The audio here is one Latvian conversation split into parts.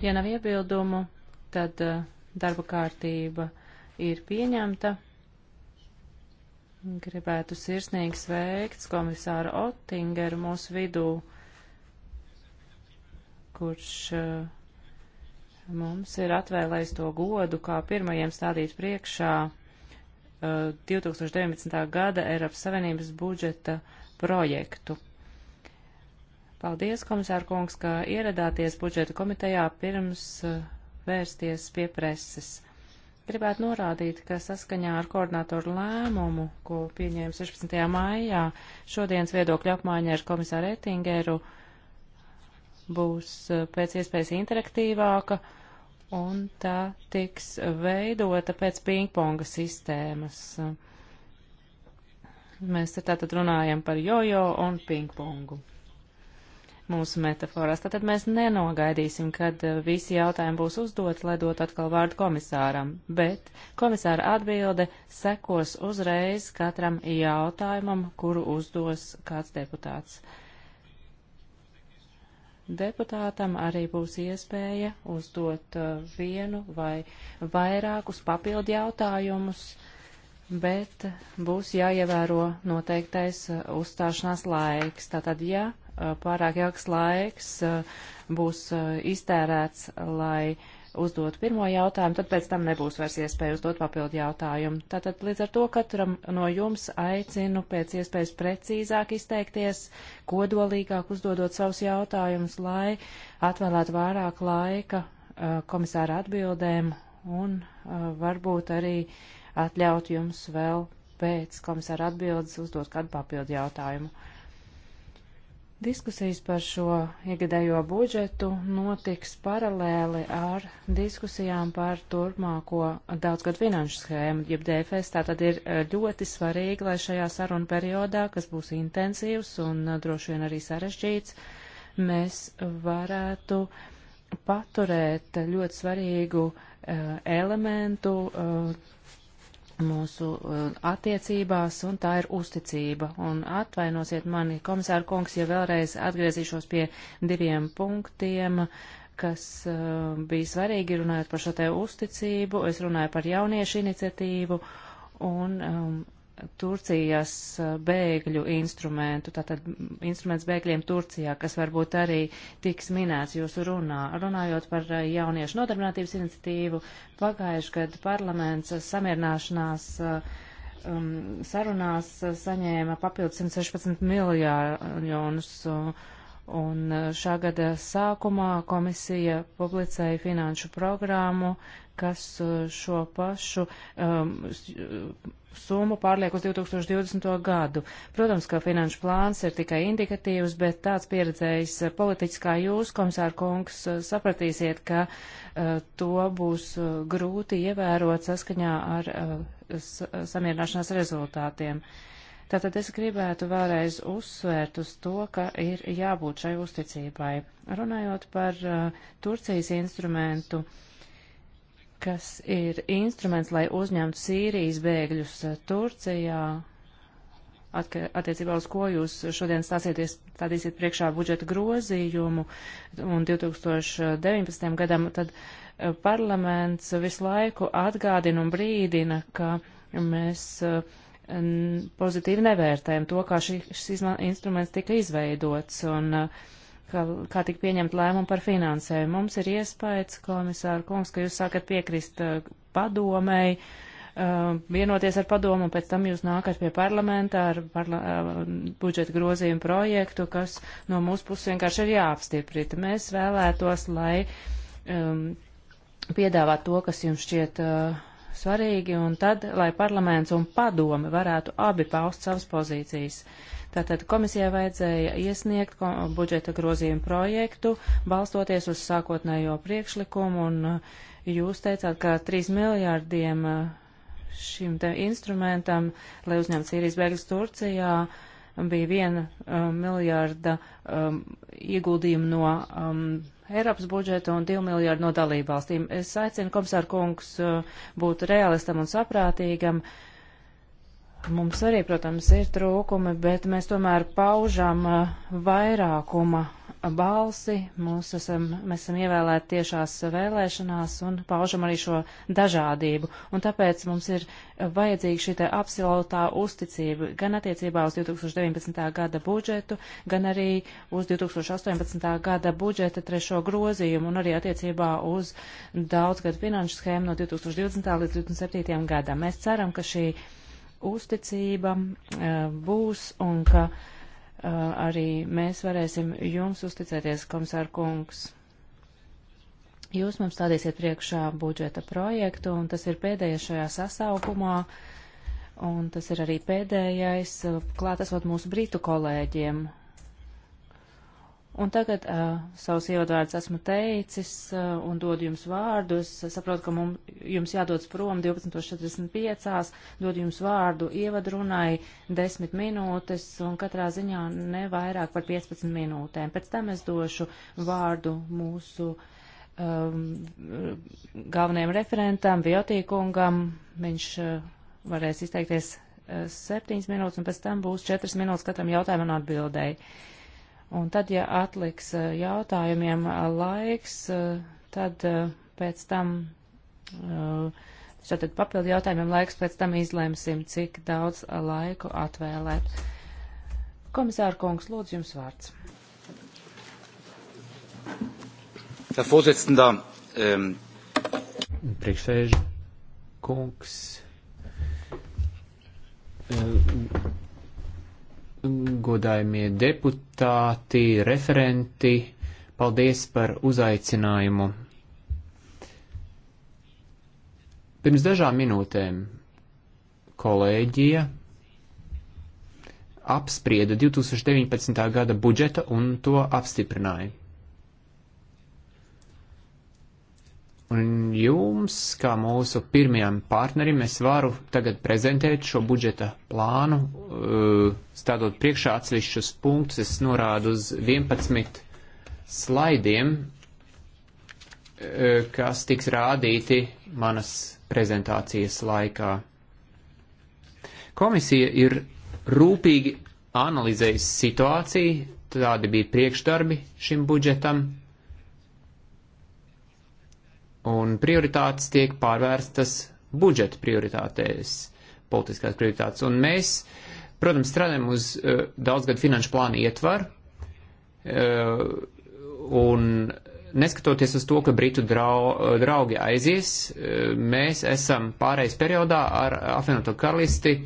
Ja nav iebildumu, tad uh, darba kārtība ir pieņemta. Gribētu sirsnīgi sveikt komisāru Ottingeru mūsu vidū, kurš uh, mums ir atvēlējis to godu, kā pirmajiem stādīt priekšā 2019. Uh, gada Eiropas Savienības budžeta projektu. Paldies, komisāra kungs, ka ieradāties budžeta komitejā pirms uh, vērsties pie preses. Gribētu norādīt, ka saskaņā ar koordinātoru lēmumu, ko pieņēma 16. maijā, šodienas viedokļa apmaiņa ar komisāru Ettingeru būs uh, pēc iespējas interaktīvāka un tā tiks veidota pēc pingponga sistēmas. Mēs tātad runājam par jojo un pingpongu mūsu metaforās. Tātad mēs nenogaidīsim, kad eh, visi jautājumi būs uzdoti, lai dot atkal vārdu komisāram, bet komisāra atbilde sekos uzreiz katram jautājumam, kuru uzdos kāds deputāts. Deputātam arī būs iespēja uzdot eh, vienu vai vairākus papildu jautājumus, bet būs jāievēro noteiktais eh, uzstāšanās laiks. Tātad, ja Eh, pārāk ilgs laiks eh, būs eh, iztērēts, lai uzdot pirmo jautājumu, tad pēc tam nebūs vairs iespēja uzdot papildu jautājumu. Tātad līdz ar to katram no jums aicinu pēc iespējas precīzāk izteikties, kodolīgāk uzdodot savus jautājumus, lai atvēlētu vairāk laika komisāra atbildēm un varbūt arī atļaut jums vēl pēc komisāra atbildes uzdot kādu papildu jautājumu. Diskusijas par šo iegadējo budžetu notiks paralēli ar diskusijām par turpmāko daudzgad finanšu schēmu, jeb DFS. Tā tad ir eh, ļoti svarīgi, lai šajā sarunu periodā, kas būs intensīvs un eh, droši vien arī sarežģīts, mēs varētu paturēt ļoti svarīgu uh, elementu uh, mūsu uh, attiecībās, un tā ir uzticība. Un atvainosiet mani, komisāra kungs, ja vēlreiz atgriezīšos pie diviem punktiem, kas uh, bija svarīgi runājot par šo te uzticību. Es runāju par jauniešu iniciatīvu, un um, Turcijas eh, bēgļu instrumentu, tātad instruments bēgļiem Turcijā, kas varbūt arī tiks minēts jūsu runā. Runājot par eh, jauniešu nodarbinātības iniciatīvu, pagājuši gadu parlaments samierināšanās eh, um, sarunās saņēma papildus 116 miljonus. Un šā gada sākumā komisija publicēja finanšu programmu, uh, kas uh, šo pašu um, uh, summu pārliek uz 2020. gadu. Protams, ka finanšu plāns ir tikai indikatīvs, bet tāds pieredzējis uh, politiķis kā jūs, komisāra kungs, sapratīsiet, ka uh, to būs grūti ievērot saskaņā ar uh, samierināšanās rezultātiem. Tātad es gribētu vēlreiz uzsvērt uz to, ka ir jābūt šai uzticībai. Runājot par uh, Turcijas instrumentu, uh, kas ir instruments, lai uzņemtu Sīrijas bēgļus eh, Turcijā, atka, attiecībā uz ko jūs šodien stāsieties, stādīsiet priekšā budžeta grozījumu un 2019. gadam, tad eh, parlaments visu laiku atgādina un brīdina, ka mēs eh, pozitīvi nevērtējam to, kā šis instruments tika izveidots. Un, uh, ka, kā tik pieņemt lēmumu par finansējumu. Mums ir iespējas, komisāra kungs, ka jūs sākat piekrist uh, padomēji, uh, vienoties ar padomu, un pēc tam jūs nākat pie parlamenta ar parla uh, budžeta grozījumu projektu, kas no mūsu puses vienkārši ir jāapstiprita. Mēs vēlētos, lai um, piedāvāt to, kas jums šķiet uh, svarīgi, un tad, lai parlaments un padome varētu abi paust savas pozīcijas. Tātad komisijai vajadzēja iesniegt budžeta grozījumu projektu, balstoties uz sākotnējo priekšlikumu, un uh, jūs teicāt, ka 3 miljārdiem uh, šim te instrumentam, lai uzņemtu Sīrijas bēgļus Turcijā, uh, bija viena um, miljārda um, ieguldījumu no um, Eiropas budžeta un divu miljārdu no dalību valstīm. Es aicinu komisāru kungs uh, būt realistam un saprātīgam. Mums arī, protams, ir trūkumi, bet mēs tomēr paužam uh, vairākuma balsi. Mūs esam, mēs esam ievēlēti tiešās vēlēšanās un paužam arī šo dažādību. Un tāpēc mums ir vajadzīga šī absolūtā uzticība gan attiecībā uz 2019. gada budžetu, gan arī uz 2018. gada budžeta trešo grozījumu un arī attiecībā uz daudzgadu finanšu schēmu no 2020. līdz 2027. gadam. Mēs ceram, ka šī uzticība eh, būs un ka. Uh, arī mēs varēsim jums uzticēties, komisār kungs. Jūs mums stādīsiet priekšā budžeta projektu, un tas ir pēdējais šajā sasaukumā, un tas ir arī pēdējais klātesot mūsu britu kolēģiem, Un tagad uh, savus ievadvārdus esmu teicis uh, un dodu jums vārdus. Es saprotu, ka mums, jums jādodas prom 12.45, dodu jums vārdu ievadrunai 10 minūtes un katrā ziņā ne vairāk par 15 minūtēm. Pēc tam es došu vārdu mūsu um, galvenajam referentam, Viotīkungam. Viņš uh, varēs izteikties uh, 7 minūtes un pēc tam būs 4 minūtes katram jautājumam atbildēji. Uh, Un tad, ja atliks eh, jautājumiem eh, laiks, eh, tad pēc tam, tātad papildu jautājumiem laiks, pēc tam izlemsim, cik daudz laiku atvēlēt. Komisāra kungs, lūdzu jums vārds. Herr Vorsitzender, ähm, Priekšsēž kungs, godājumie deputāti, referenti, paldies par uzaicinājumu. Pirms dažām minūtēm kolēģija apsprieda 2019. gada budžeta un to apstiprināja. Un jums, kā mūsu pirmajam partnerim, es varu tagad prezentēt šo budžeta plānu, eh, stādot priekšā atsevišķus punktus, es norādu uz 11 slaidiem, eh, kas tiks rādīti manas prezentācijas laikā. Komisija ir rūpīgi analizējusi situāciju, tādi bija priekšdarbi šim budžetam un prioritātes tiek pārvērstas budžeta prioritātēs, politiskās prioritātes. Un mēs, protams, strādājam uz uh, daudzgadu finanšu plānu ietvaru, uh, un neskatoties uz to, ka Britu drau, eh, draugi aizies, uh, mēs esam pārējais periodā ar apvienoto karalisti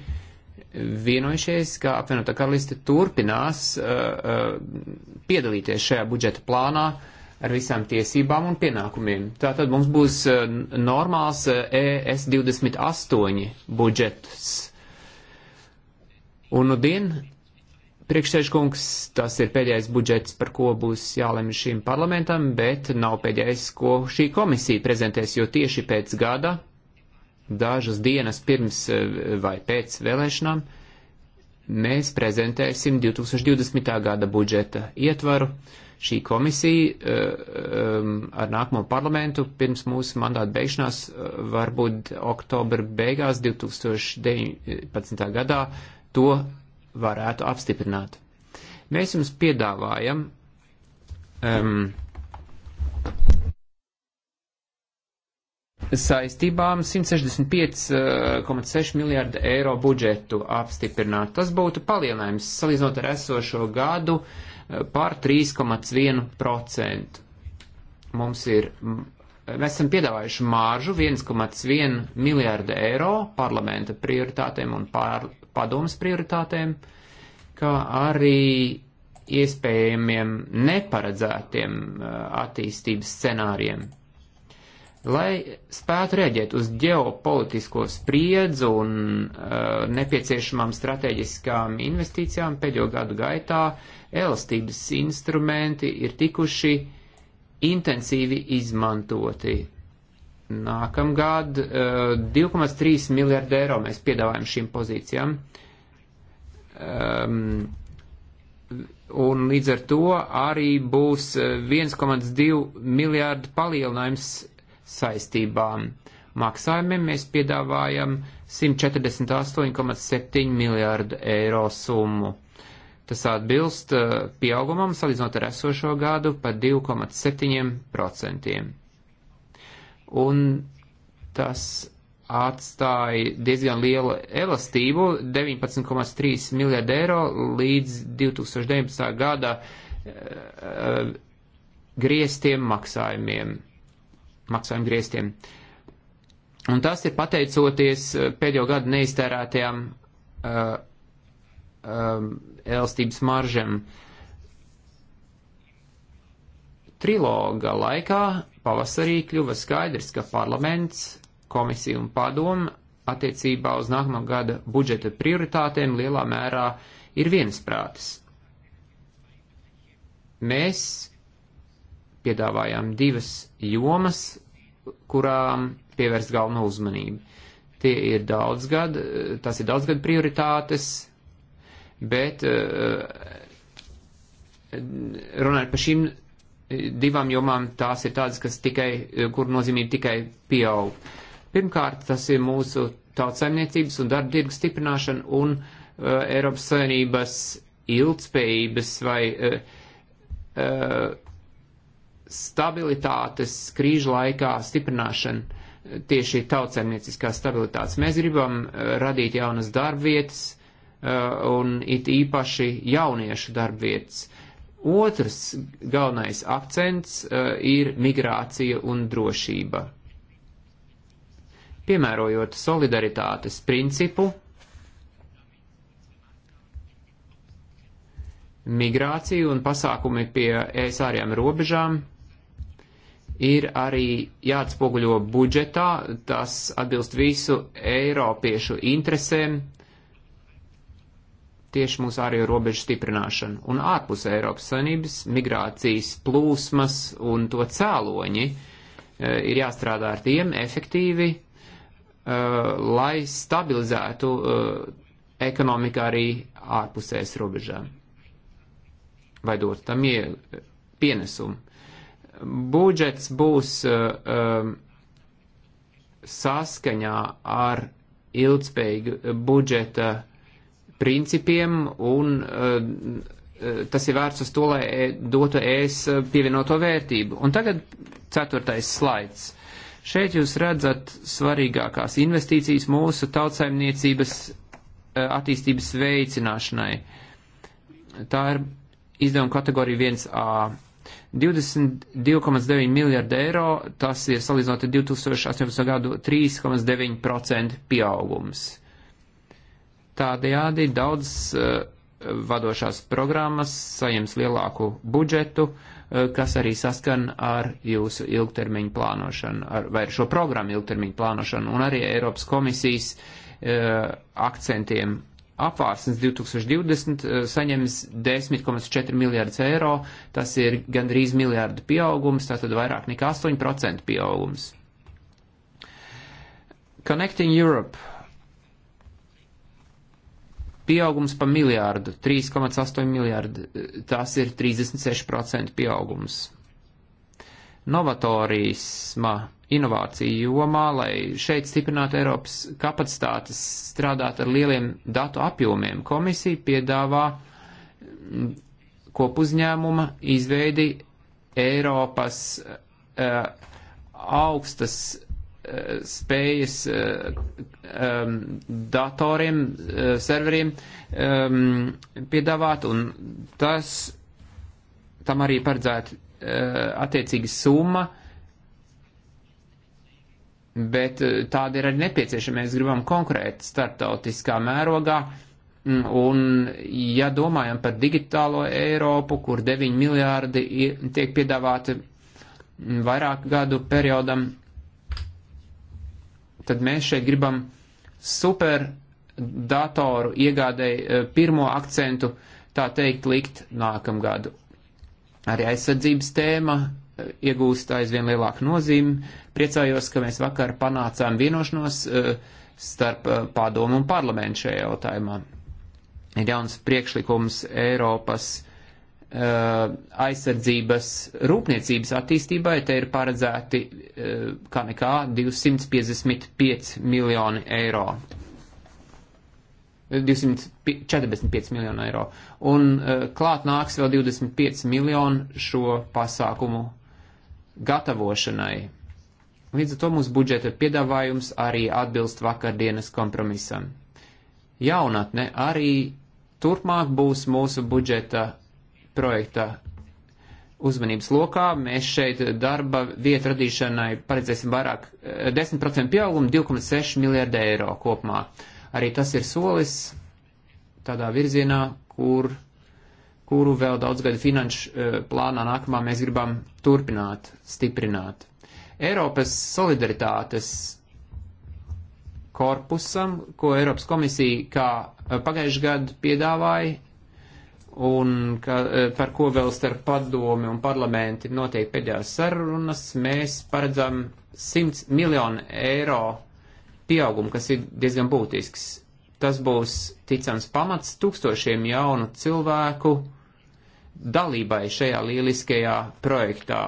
vienojušies, ka apvienotā karaliste turpinās uh, uh, piedalīties šajā budžeta plānā uh, ar visām tiesībām un pienākumiem. Tātad mums būs eh, normāls eh, e ES 28 budžets. Un nu dien, priekšsēžkungs, tas ir pēdējais budžets, par ko būs jālemj šīm parlamentam, bet nav pēdējais, ko šī komisija prezentēs, jo tieši pēc gada, dažas dienas pirms eh, vai pēc vēlēšanām, mēs prezentēsim 2020. gada budžeta ietvaru. Uh, šī komisija eh, ar nākamo parlamentu pirms mūsu mandāta beigšanās, eh, varbūt oktobra beigās 2019. gadā, to varētu apstiprināt. Mēs jums piedāvājam um, saistībām 165,6 eh, miljārdu eiro budžetu apstiprināt. Tas būtu palielinājums salīdzinot ar esošo gadu. Uh, pār 3,1%. Mums ir, mēs esam piedāvājuši māržu 1,1 miljārda eiro parlamenta prioritātēm un pār, padomas prioritātēm, kā arī iespējamiem neparedzētiem attīstības scenāriem lai spētu rēģēt uz ģeopolitisko spriedzu un uh, nepieciešamām strateģiskām investīcijām pēdējo gadu gaitā, elastības instrumenti ir tikuši intensīvi izmantoti. Nākamgad uh, 2,3 miljārdu eiro mēs piedāvājam šīm pozīcijām. Um, un līdz ar to arī būs 1,2 uh, miljārdu palielinājums saistībām. Maksājumiem mēs piedāvājam 148,7 miljārdu eiro summu. Tas atbilst eh, pieaugumam salīdzinot ar esošo gadu par 2,7%. Un tas atstāja diezgan lielu elastību - 19,3 miljardi eiro līdz 2019. gada uh, grieztiem maksājumiem maksājumu griestiem. Un tas ir pateicoties eh, pēdējo gadu neiztērētajām uh, eh, um, eh, elstības maržam. Triloga laikā pavasarī kļuva skaidrs, ka parlaments, komisija un padoma attiecībā uz nākamā gada budžeta prioritātēm lielā mērā ir viensprātis. Mēs piedāvājām divas jomas, kurām pievērst galveno uzmanību. Tie ir daudz gadu, tas ir daudz gadu prioritātes, bet eh, runājot par šīm divām jomām, tās ir tādas, kas tikai, kur nozīmība tikai pieaug. Pirmkārt, tas ir mūsu tautsaimniecības un darba tirgu stiprināšana un uh, Eiropas Savienības ilgspējības vai uh, uh, stabilitātes krīžu laikā stiprināšana eh, tieši tautsēmnieciskās stabilitātes. Mēs gribam eh, radīt jaunas darbvietas eh, un it īpaši jauniešu darbvietas. Otrs galvenais akcents ir migrācija un drošība. Piemērojot solidaritātes principu, migrācija un pasākumi pie ēsāriem robežām ir arī jāatspoguļo budžetā, tas atbilst visu Eiropiešu interesēm, tieši mūsu ārējo robežu stiprināšanu un ārpus Eiropas Savienības migrācijas plūsmas un to cēloņi eh, ir jāstrādā ar tiem efektīvi, eh, lai stabilizētu eh, ekonomiku arī ārpusēs robežām, vai dot tam pienesumu. Budžets būs uh, um, saskaņā ar ilgspējīgu budžeta principiem un um, tas ir vērts uz to, lai e, dotu es pievienoto vērtību. Un tagad ceturtais slaids. Šeit jūs redzat svarīgākās investīcijas mūsu tautsaimniecības attīstības veicināšanai. Tā ir izdevuma kategorija 1A. 22,9 miljārdi eiro, tas ir salīdzinot ar 2018. gadu 3,9% pieaugums. Tādējādi daudz uh, vadošās programmas saņems lielāku budžetu, uh, kas arī saskan ar jūsu ilgtermiņu plānošanu, ar, vai ar šo programmu ilgtermiņu plānošanu, un arī Eiropas komisijas uh, akcentiem apvārsnes 2020 eh, saņems 10,4 miljārdus eiro, tas ir gandrīz miljārdu pieaugums, tātad vairāk nekā 8% pieaugums. Connecting Europe pieaugums pa miljārdu, 3,8 miljārdu, eh, tas ir 36% pieaugums. Novatorisma inovāciju jomā, lai šeit stiprinātu Eiropas kapacitātes strādāt ar lieliem datu apjomiem. Komisija piedāvā kopuzņēmuma izveidi Eiropas uh, augstas uh, spējas uh, um, datoriem, uh, serveriem um, piedāvāt, un tas tam arī paredzētu uh, attiecīga summa bet eh, tāda ir arī nepieciešama. Mēs gribam konkrēti starptautiskā mērogā, mm, un ja domājam par digitālo Eiropu, kur 9 miljārdi tiek piedāvāti mm, vairāk gadu periodam, tad mēs šeit gribam super datoru iegādēji eh, pirmo akcentu, tā teikt, likt nākamgadu. Arī aizsardzības tēma iegūst aizvien lielāku nozīmi. Priecājos, ka mēs vakar panācām vienošanos eh, starp eh, padomu un parlamentu šajā jautājumā. Ir jauns priekšlikums Eiropas eh, aizsardzības rūpniecības attīstībai. Te ir paredzēti kā nekā 255 miljoni eiro. 245 miljonu eiro. Un klāt nāks vēl 25 miljonu šo pasākumu gatavošanai. Līdz ar to mūsu budžeta piedāvājums arī atbilst vakardienas kompromisam. Jaunatne arī turpmāk būs mūsu budžeta projekta uzmanības lokā. Mēs šeit darba vietu radīšanai paredzēsim vairāk 10% eh, pieaugumu, 2,6 miljārdu eiro kopumā. Arī tas ir solis tādā virzienā, kur kuru vēl daudzgadu finanšu e, plānā nākamā mēs gribam turpināt, stiprināt. Eiropas solidaritātes korpusam, ko Eiropas komisija kā e, pagājušajā gadu piedāvāja, un ka, e, par ko vēl starp padomi un parlamenti notiek pēdējās sarunas, mēs paredzam 100 miljonu eiro pieaugumu, kas ir diezgan būtisks. Tas būs ticams pamats tūkstošiem jaunu cilvēku, uh, dalībai šajā lieliskajā projektā.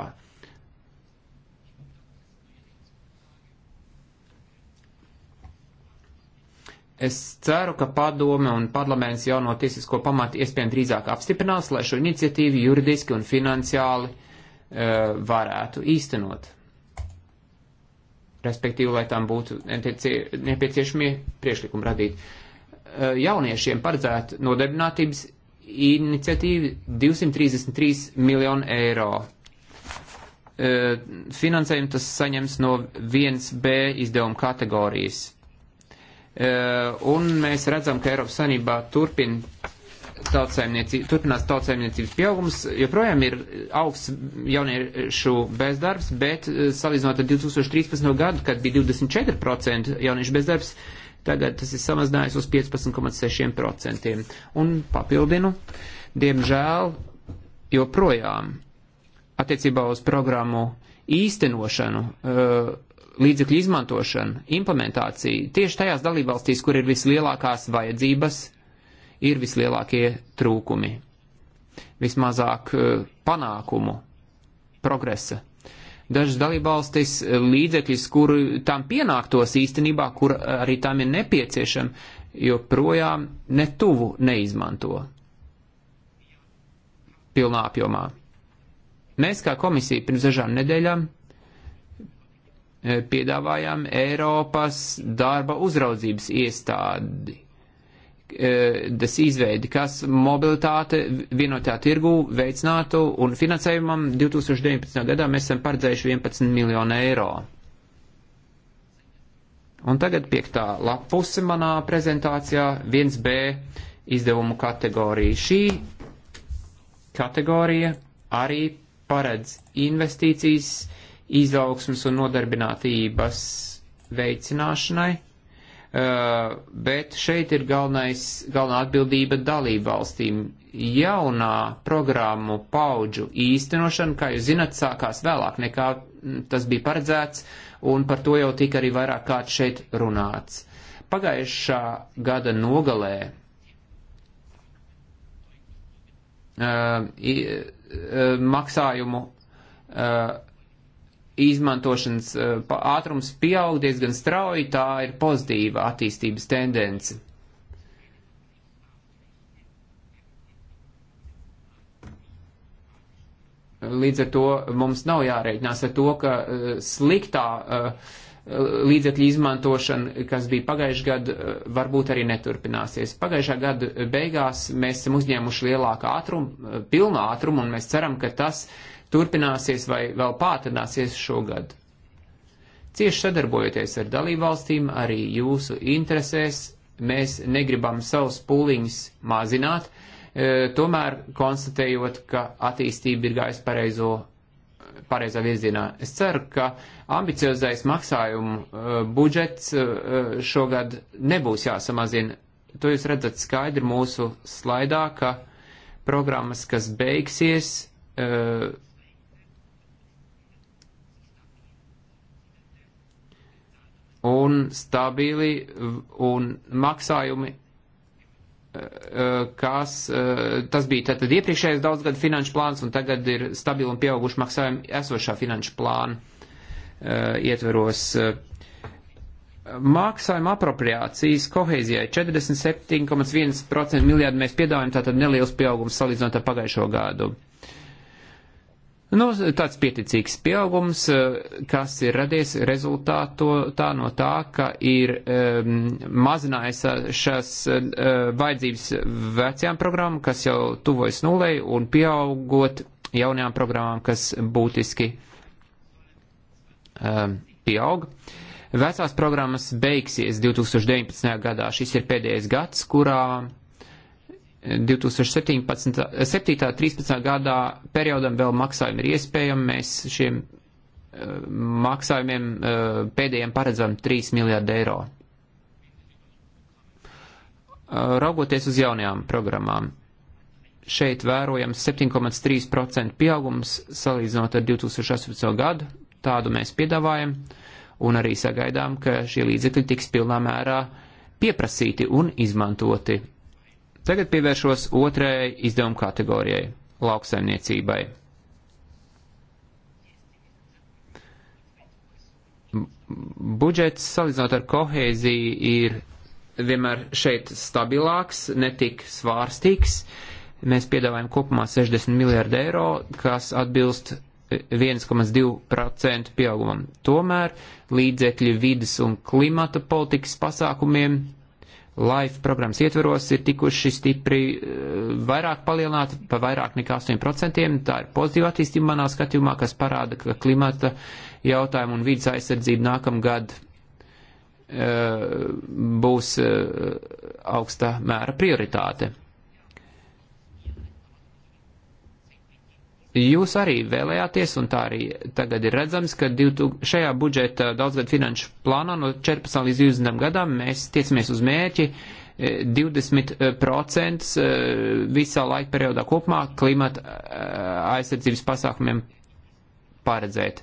Es ceru, ka padome un parlaments jauno tiesisko pamatu iespējami drīzāk apstiprinās, lai šo iniciatīvu juridiski un finansiāli uh, varētu īstenot. Respektīvi, lai tam būtu nepieciešamie priekšlikumi radīt. Uh, jauniešiem paredzētu nodarbinātības iniciatīva 233 miljonu eiro. E, finansējumu tas saņems no 1B izdevuma kategorijas. E, un mēs redzam, ka Eiropas Sanībā turpin tautsēmniecība, turpinās tautsēmniecības pieaugums, joprojām ir augsts jauniešu bezdarbs, bet e, salīdzinot ar 2013. gadu, kad bija 24% jauniešu bezdarbs, uh, tagad tas ir samazinājies uz 15,6%. Un papildinu, diemžēl joprojām attiecībā uz programmu īstenošanu, eh, līdzekļu izmantošanu, implementāciju tieši tajās dalībvalstīs, kur ir vislielākās vajadzības, ir vislielākie trūkumi, vismazāk eh, panākumu, progresa dažas dalībvalstis eh, līdzekļus, kur tam pienāktos īstenībā, kur arī tam ir nepieciešama, joprojām netuvu neizmanto pilnā apjomā. Mēs kā komisija pirms dažām nedēļām eh, piedāvājām Eiropas darba uzraudzības iestādi tas izveidi, kas mobilitāte vienotā tirgu veicinātu un finansējumam 2019. gadā mēs esam paredzējuši 11 miljonu eiro. Un tagad piektā lapuse manā prezentācijā 1B izdevumu kategorija. Šī kategorija arī paredz investīcijas izaugsmas un nodarbinātības veicināšanai Uh, bet šeit ir galvenais, galvenā atbildība dalība valstīm. Jaunā programmu paudžu īstenošana, kā jūs zinat, sākās vēlāk nekā tas bija paredzēts, un par to jau tika arī vairāk kārt šeit runāts. Pagājušā gada nogalē uh, uh maksājumu uh, izmantošanas eh, ātrums pieaug diezgan strauji, tā ir pozitīva attīstības tendence. Līdz ar to mums nav jārēķinās ar to, ka eh, sliktā eh, līdzekļu izmantošana, kas bija pagājušajā gadā, varbūt arī neturpināsies. Pagājušā gada beigās mēs esam uzņēmuši lielāku ātrumu, pilnu ātrumu, un mēs ceram, ka tas uh, turpināsies vai vēl pātrināsies šogad. Cieši sadarbojoties ar dalībvalstīm, arī jūsu interesēs, mēs negribam savus pūliņus mazināt, e, tomēr konstatējot, ka attīstība ir gājis pareizo, pareizā virzienā. Es ceru, ka ambiciozais maksājumu e, budžets e, šogad nebūs jāsamazina. To jūs redzat skaidri mūsu slaidā, ka programmas, kas beigsies, e, un stabili un maksājumi eh, eh, kas, eh, tas bija tātad iepriekšējais daudzgada finanšu plāns, un tagad ir stabili un pieauguši maksājumi esošā finanšu plāna ietveros. Maksājuma apropriācijas kohēzijai 47,1% miljārdu mēs piedāvājam, tātad neliels pieaugums salīdzinot ar pagājušo gadu. Nu, tāds pieticīgs pieaugums, eh, kas ir radies rezultāto tā no tā, ka ir um, ehm, mazinājušās eh, um, eh, vajadzības vecajām programmām, kas jau tuvojas nulei, un pieaugot jaunajām programmām, kas būtiski um, pieaug. Vecās programmas beigsies 2019. gadā. Šis ir pēdējais gads, kurā 2017. 7. 13. Eh, gadā periodam vēl maksājumi ir iespējami. Mēs šiem eh, maksājumiem eh, pēdējiem paredzam 3 miljārdu eiro. Raugoties uz jaunajām programmām, šeit vērojams 7,3% pieaugums salīdzinot ar 2018. gadu. Tādu mēs piedāvājam un arī sagaidām, ka šie līdzekļi tiks pilnā mērā pieprasīti un izmantoti Tagad pievēršos otrajai izdevuma kategorijai - lauksaimniecībai. Budžets salīdzinot ar kohēziju ir vienmēr šeit stabilāks, netik svārstīgs. Mēs piedāvājam kopumā 60 miljārdu eiro, kas atbilst 1,2% pieaugumam. Tomēr līdzekļi vidas un klimata politikas pasākumiem Life programmas ietveros ir tikuši stipri eh, vairāk palielināti pa vairāk nekā 8%. Tā ir pozitīva attīstība manā skatījumā, kas parāda, ka klimata jautājumu un vidas aizsardzību nākamgad eh, būs eh, augsta mēra prioritāte. Jūs arī vēlējāties, un tā arī tagad ir redzams, ka 2000, šajā budžeta daudzgad finanšu plānā no 14 līdz 20 gadam mēs tiecamies uz mērķi 20% e, e, e, visā laika periodā kopumā klimata aizsardzības pasākumiem paredzēt.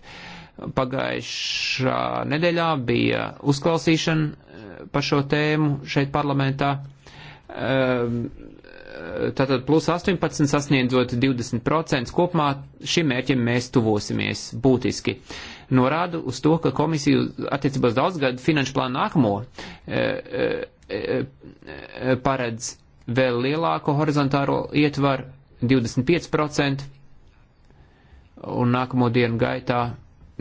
Pagājušā nedēļā bija uzklausīšana par šo tēmu šeit parlamentā tātad plus 18 sasniedzot 20% kopumā, šim mērķim mēs tuvosimies būtiski. Norādu uz to, ka komisija attiecībā uz daudzgadu finanšu plānu nākamo e, e, e, paredz vēl lielāko horizontālo ietvaru 25% un nākamo dienu gaitā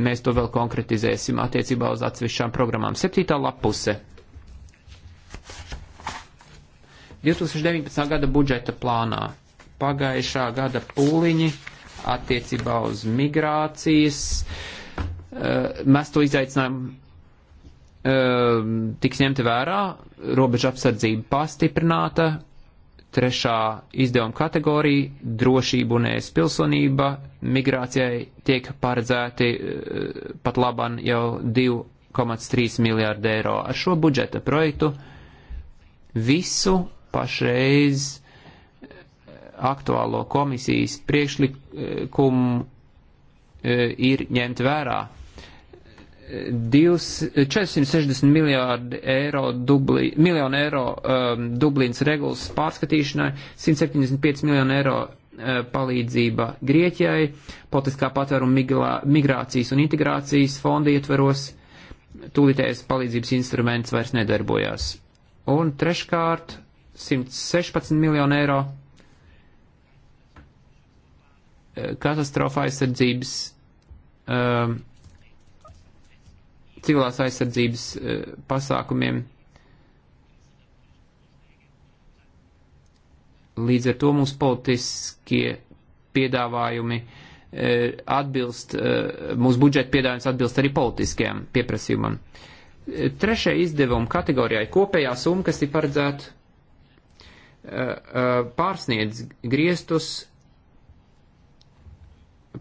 mēs to vēl konkretizēsim attiecībā uz atsevišķām programmām. Septītā lapuse 2019. gada budžeta plānā pagājušā gada pūliņi attiecībā uz migrācijas uh, mesto izaicinājumu uh, tiks ņemti vērā, robeža apsardzība pastiprināta, trešā izdevuma kategorija - drošība un ēs pilsonība. Migrācijai tiek paredzēti uh, pat laban jau 2,3 miljārdi eiro. Ar šo budžeta projektu visu pašreiz eh, aktuālo komisijas priekšlikumu eh, ir ņemt vērā. 460 eh, miljārdi eiro, dubli, miljonu eiro um, Dublīnas regulas pārskatīšanai, 175 miljonu eiro uh, palīdzība Grieķijai, politiskā patvēruma miglā, migrācijas un integrācijas fonda ietveros, tūlītējais palīdzības instruments vairs nedarbojās. Un treškārt, 116 miljonu eiro e, katastrofa aizsardzības, um, civilās aizsardzības uh, pasākumiem. Līdz ar to mūsu politiskie piedāvājumi uh, atbilst, uh, mūsu budžeta piedāvājums atbilst arī politiskajam pieprasījumam. Trešajai izdevuma kategorijai kopējā summa, kas ir paredzēta pārsniedz griestus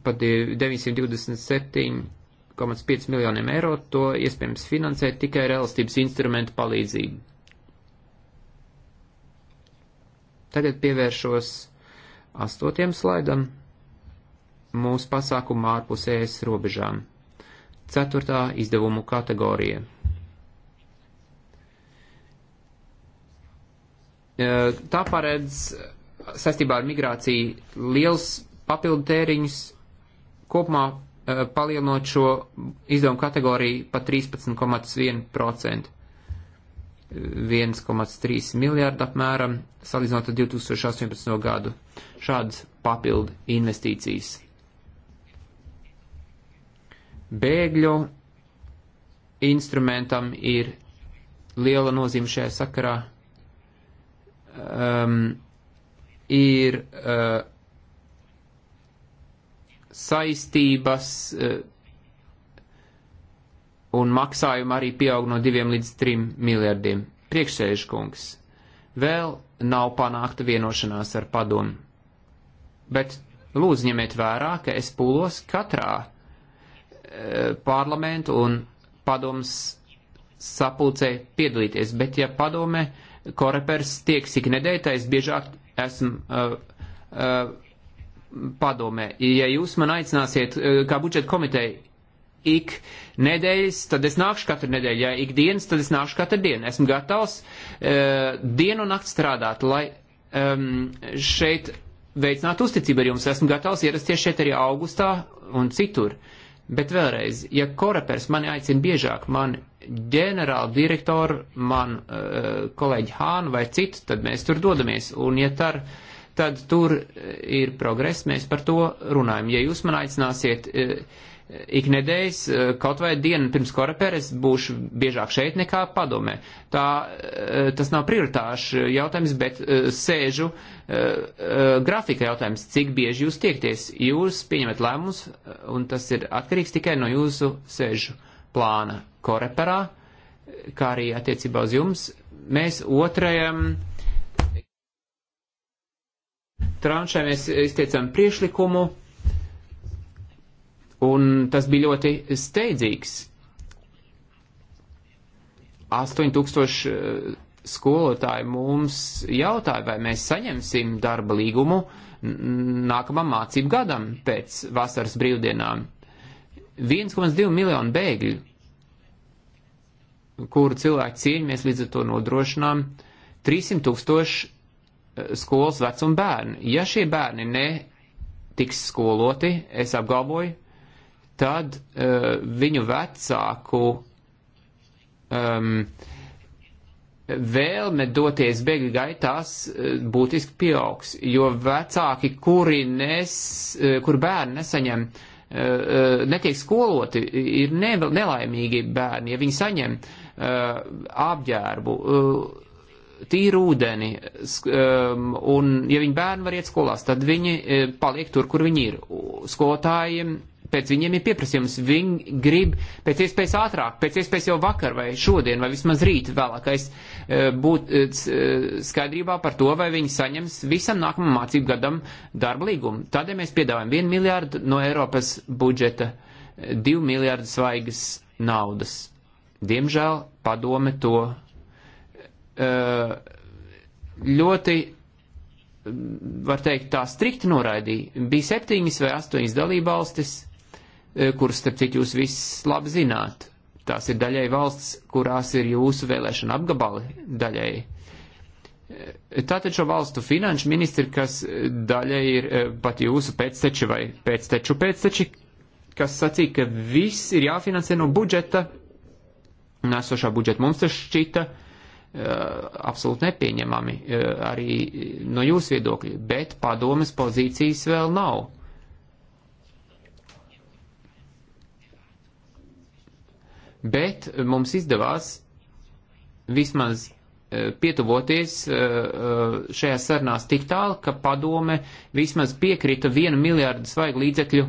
pat 927,5 miljoniem eiro, to iespējams finansēt tikai ar elastības instrumentu palīdzību. Tagad pievēršos astotiem slaidam mūsu pasākumu ārpus ES robežām. Ceturtā izdevumu kategorija Eh, tā paredz eh, saistībā ar migrāciju liels papildu tēriņus kopumā eh, palielinot šo izdevumu kategoriju pa 13,1%. 1,3 miljārdu apmēram, salīdzinot ar 2018. gadu. Šādas papildu investīcijas. Bēgļu instrumentam ir liela nozīme šajā sakarā um, ir uh, saistības uh, un maksājumi arī pieaug no 2 līdz 3 miljardiem. Priekšsēžkungs, vēl nav panākta vienošanās ar padomu. Bet lūdzu ņemiet vērā, ka es pūlos katrā e, parlamentu un padoms sapulcē piedalīties, bet ja padome korepers tieks ik nedēļtais, biežāk esmu uh, uh, padomē. Ja jūs man aicināsiet uh, kā budžeta komiteja ik nedēļas, tad es nākšu katru nedēļu, ja ik dienas, tad es nākšu katru dienu. Esmu gatavs uh, dienu un nakti strādāt, lai um, šeit veicinātu uzticību ar jums. Esmu gatavs ierasties šeit arī augustā un citur. Bet vēlreiz, ja korepers mani aicina biežāk, mani ģenerāla direktoru, man eh, kolēģi Hānu vai citu, tad mēs tur dodamies. Un, ja tar, tad tur eh, ir progress, mēs par to runājam. Ja jūs man aicināsiet eh, ik nedēļas, kaut vai dienu pirms koreperes, būšu biežāk šeit nekā padomē. Tā, tas nav prioritāšu jautājums, bet sēžu grafika jautājums, cik bieži jūs tiekties. Jūs pieņemat lēmumus, un tas ir atkarīgs tikai no jūsu sēžu plāna koreperā, kā arī attiecībā uz jums. Mēs otrajam tranšai mēs izteicām priešlikumu, un tas bija ļoti steidzīgs. 8000 eh, skolotāji mums jautāja, vai mēs saņemsim darba līgumu nākamam mācību gadam pēc vasaras brīvdienām. 1,2 miljonu bēgļu, kuru cilvēku cieņu mēs līdz ar to nodrošinām, 300 tūkstoši eh, skolas vecuma bērnu. Ja šie bērni netiks skoloti, es apgalvoju, tad uh, viņu vecāku um, vēlme doties bēgļu gaitās eh, būtiski pieaugs, jo vecāki, kuri, nes, kuri bērni nesaņem uh, Eh, netiek skoloti, ir ne, nelaimīgi bērni, ja viņi saņem eh, apģērbu, eh, tīru ūdeni, un ja viņi bērni var iet skolās, tad viņi paliek tur, kur viņi ir. Skolotājiem pēc viņiem ir pieprasījums. Viņi grib pēc iespējas ātrāk, pēc iespējas jau vakar vai šodien vai vismaz rīt vēlākais eh, būt eh, eh, skaidrībā par to, vai viņi saņems visam nākamam mācību gadam darba līgumu. Tādēļ mēs piedāvājam 1 miljārdu no Eiropas budžeta, 2 miljārdu svaigas naudas. Diemžēl padome to ļoti var teikt, tā strikti noraidīja. Bija septiņas vai astoņas dalībvalstis, Eh, kuras, starp citu, jūs viss labi zināt. Tās ir daļai valsts, kurās ir jūsu vēlēšana apgabali daļai. Eh, tātad šo valstu finanšu ministri, kas daļai ir eh, pat jūsu pēcteči vai pēcteču pēcteči, kas sacīja, ka viss ir jāfinansē no budžeta, un esošā budžeta mums tas šķita absolūti nepieņemami arī no jūsu viedokļa, bet padomas pozīcijas vēl nav bet mums izdevās vismaz e, pietuvoties e, e, šajā sarunās tik tālu, ka padome vismaz piekrita vienu miljārdu svaigu līdzekļu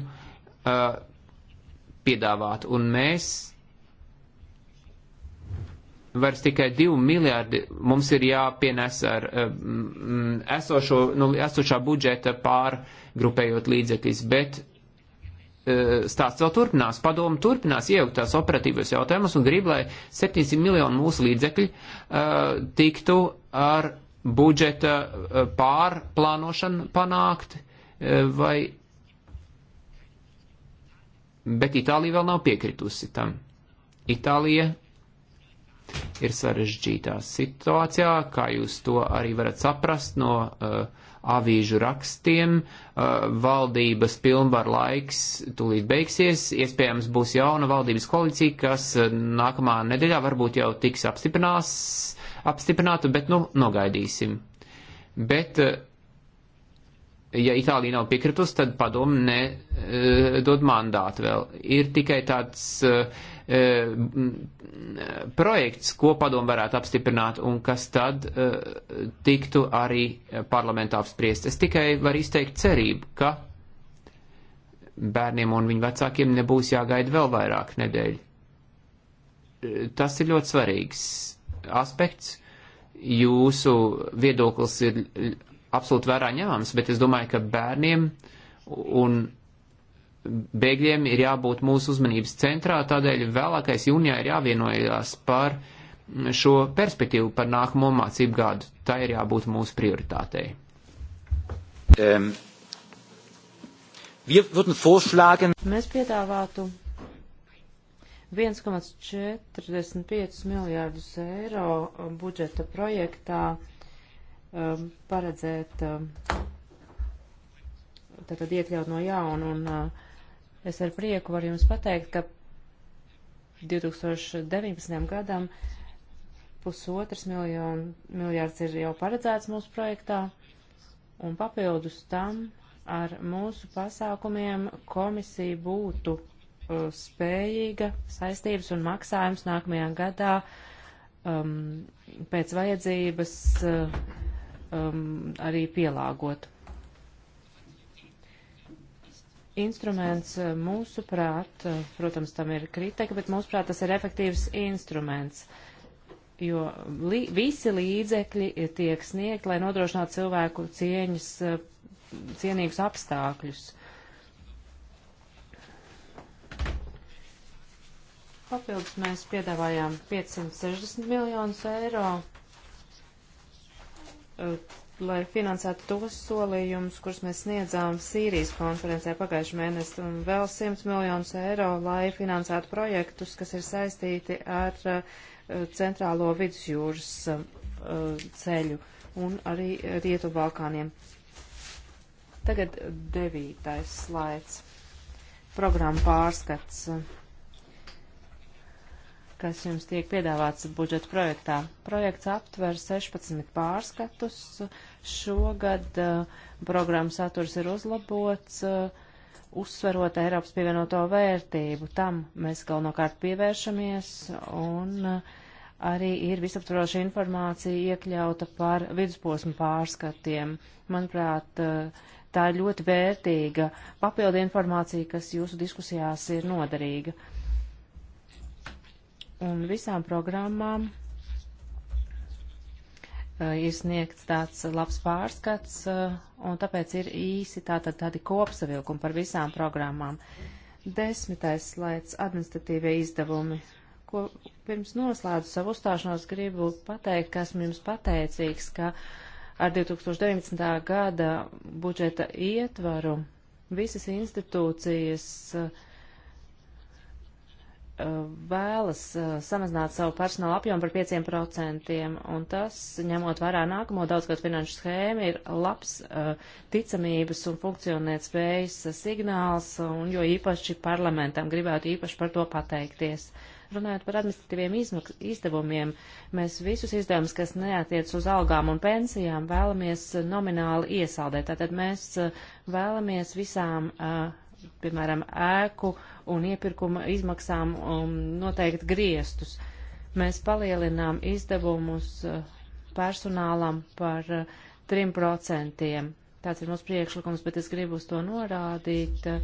piedāvāt, un mēs vairs tikai 2 miljārdi mums ir jāpienes ar mm, esošo, nu, esošā budžeta pārgrupējot līdzekļus, bet Eh, stāsts vēl turpinās, padomu turpinās iejaukties operatīvos jautājumus un grib, lai 700 miljonu mūsu līdzekļi eh, tiktu ar budžeta eh, pārplānošanu panākt, vai, bet Itālija vēl nav piekritusi tam. Itālija ir sarežģītā situācijā, kā jūs to arī varat saprast no uh, avīžu rakstiem, uh, valdības pilnvar laiks tūlīt beigsies, iespējams būs jauna valdības koalīcija, kas uh, nākamā nedēļā varbūt jau tiks apstiprināta, bet nu nogaidīsim. Bet, uh, ja Itālija nav piekritus, tad padomu nedod mandātu vēl. Ir tikai tāds uh, E, projekts, ko padomu varētu apstiprināt un kas tad e, tiktu arī parlamentā apspriest. Es tikai varu izteikt cerību, ka bērniem un viņu vecākiem nebūs jāgaida vēl vairāk nedēļu. E, tas ir ļoti svarīgs aspekts. Jūsu viedoklis ir absolūti vērā ņēmams, bet es domāju, ka bērniem un bēgļiem ir jābūt mūsu uzmanības centrā, tādēļ vēlākais jūnijā ir jāvienojās par šo perspektīvu par nākamo mācību gadu. Tā ir jābūt mūsu prioritātei. Um, Mēs piedāvātu 1,45 miljārdus eiro um, budžeta projektā um, paredzēt, um, tātad iekļaut no jauna un uh, Es ar prieku varu jums pateikt, ka 2019. gadam pusotras miljonu, miljārds ir jau paredzēts mūsu projektā, un papildus tam ar mūsu pasākumiem komisija būtu uh, spējīga saistības un maksājums nākamajā gadā um, pēc vajadzības uh, um, arī pielāgot instruments eh, mūsu prāt, eh, protams, tam ir kritika, bet mūsu prāt tas ir efektīvs instruments, jo li visi līdzekļi eh, tiek sniegt, lai nodrošinātu cilvēku cieņas, cienīgus apstākļus. Papildus mēs piedāvājām 560 miljonus eiro lai finansētu tos solījumus, kurus mēs sniedzām Sīrijas konferencē pagājušajā mēnesī, un vēl 100 miljonus eiro, lai finansētu projektus, kas ir saistīti ar uh, centrālo vidusjūras uh, ceļu un arī Rietu Balkāniem. Tagad devītais slaids. Programma pārskats. Uh, kas jums tiek piedāvāts budžeta projektā. Projekts aptver 16 pārskatus. Šogad uh, programmas saturs ir uzlabots, uh, uzsverot Eiropas pievienoto vērtību. Tam mēs galvenokārt pievēršamies un uh, arī ir visaptvaroša informācija iekļauta par vidusposmu pārskatiem. Manuprāt, uh, tā ir ļoti vērtīga papildu informācija, kas jūsu diskusijās ir noderīga un visām programmām eh, ir sniegts tāds labs pārskats, eh, un tāpēc ir īsi tātad tādi kopsavilkumi par visām programmām. Desmitais slaids - administratīvie izdevumi. Ko pirms noslēdzu savu uzstāšanos gribu pateikt, ka esmu jums pateicīgs, ka ar 2019. gada budžeta ietvaru visas institūcijas uh, Uh, vēlas uh, samazināt savu personālu apjomu par 5%, un tas, ņemot vērā nākamo daudzgad finanšu schēmu, ir labs uh, ticamības un funkcionēt spējas signāls, un jo īpaši parlamentam gribētu īpaši par to pateikties. Runājot par administratīviem izdevumiem, mēs visus izdevumus, kas neatiec uz algām un pensijām, vēlamies nomināli iesaldēt. Tātad mēs vēlamies visām uh, piemēram, ēku un iepirkuma izmaksām um, noteikti griestus. Mēs palielinām izdevumus uh, personālam par 3%. Uh, Tāds ir mūsu priekšlikums, bet es gribu uz to norādīt, uh,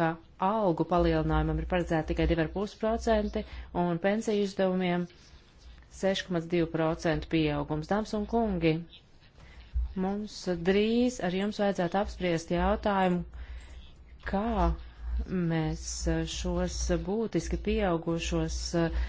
ka algu palielinājumam ir paredzēta tikai 2,5% un pensiju izdevumiem 6,2% pieaugums. Dāmas un kungi, Mums drīz ar jums vajadzētu apspriest jautājumu, kā mēs šos būtiski pieaugušos eh,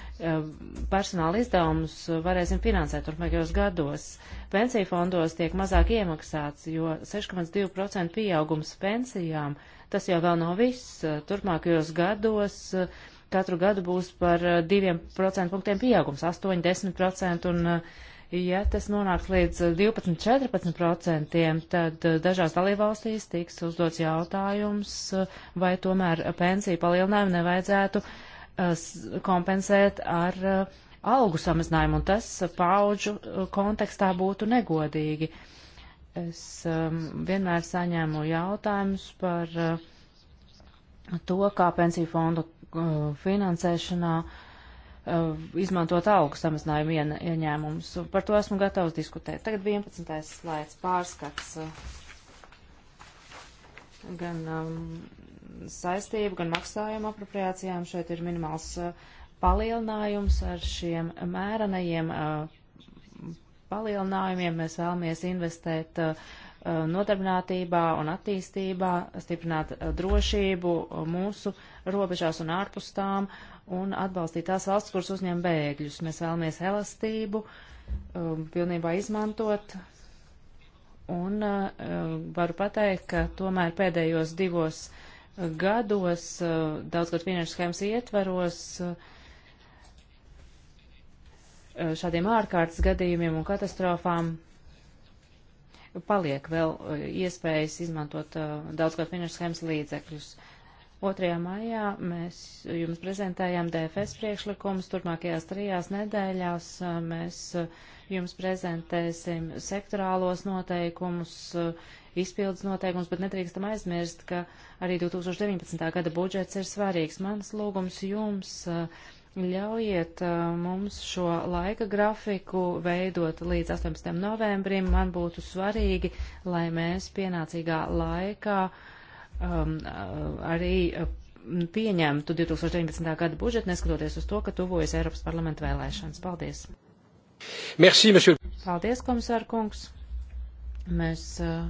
personāla izdevumus varēsim finansēt turpmākajos gados. Pensiju fondos tiek mazāk iemaksāts, jo 6,2% pieaugums pensijām tas jau vēl nav viss. Turpmākajos gados eh, katru gadu būs par 2% eh, punktiem pieaugums - 8-10% un Ja tas nonāks līdz 12-14%, tad eh, dažās dalībvalstīs tiks uzdots jautājums, eh, vai tomēr pensiju palielinājumu nevajadzētu eh, kompensēt ar algu samazinājumu, un tas paudžu kontekstā būtu negodīgi. Es vienmēr saņēmu jautājumus par to, kā pensiju fondu finansēšanā uh, Uh, izmantot augu samazinājumu ieņēmumus. Par to esmu gatavs diskutēt. Tagad 11. slaids pārskats uh, gan um, saistību, gan maksājumu apropriācijām. Šeit ir minimāls uh, palielinājums ar šiem mērenajiem uh, palielinājumiem. Mēs vēlamies investēt uh, Uh, nodarbinātībā un attīstībā, stiprināt uh, drošību uh, mūsu robežās un ārpus tām un atbalstīt tās valsts, kuras uzņem bēgļus. Mēs vēlamies elastību um, pilnībā izmantot. Un um, varu pateikt, ka tomēr pēdējos divos gados daudzgad finanšu schēmas ietvaros šādiem ārkārtas gadījumiem un katastrofām paliek vēl e, iespējas izmantot uh, daudzkārt finanšu schēmas līdzekļus. 2. maijā mēs jums prezentējām DFS priekšlikumus, turpmākajās trijās nedēļās e, mēs jums prezentēsim sektorālos noteikumus, izpildes noteikumus, bet nedrīkstam aizmirst, ka arī 2019. gada budžets ir svarīgs. Mans lūgums jums. Uh, Ļaujiet uh, mums šo laika grafiku veidot līdz 18. novembrim. Man būtu svarīgi, lai mēs pienācīgā laikā um, uh, arī uh, pieņemtu 2019. gada budžetu, neskatoties uz to, ka tuvojas Eiropas parlamenta vēlēšanas. Paldies! Merci, monsieur. Paldies, komisār kungs! Mēs uh,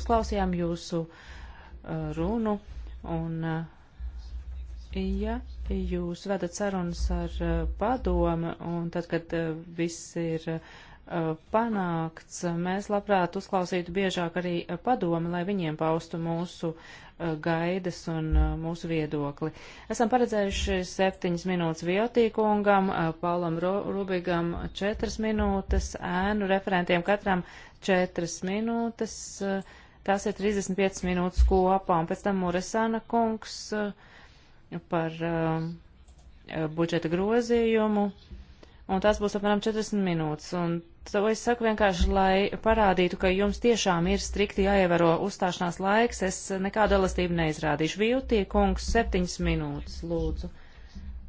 uzklausījām jūsu uh, runu un, uh, ja jūs vedat sarunas ar eh, padomi, un tad, kad eh, viss ir eh, panākts, mēs labprāt uzklausītu biežāk arī padomi, lai viņiem paustu mūsu gaidas un mūsu viedokli. Esam paredzējuši septiņas minūtes Viotīkungam, Paulam Rubigam četras minūtes, ēnu referentiem katram četras minūtes. Tās ir 35 minūtes kopā, un pēc tam Muresana kungs uh, par uh, budžeta grozījumu, un tas būs apmēram 40 minūtes. Un to es saku vienkārši, lai parādītu, ka jums tiešām ir strikti jāievēro uzstāšanās laiks, es nekādu elastību neizrādīšu. Vīltie kungs, 7 minūtes, lūdzu.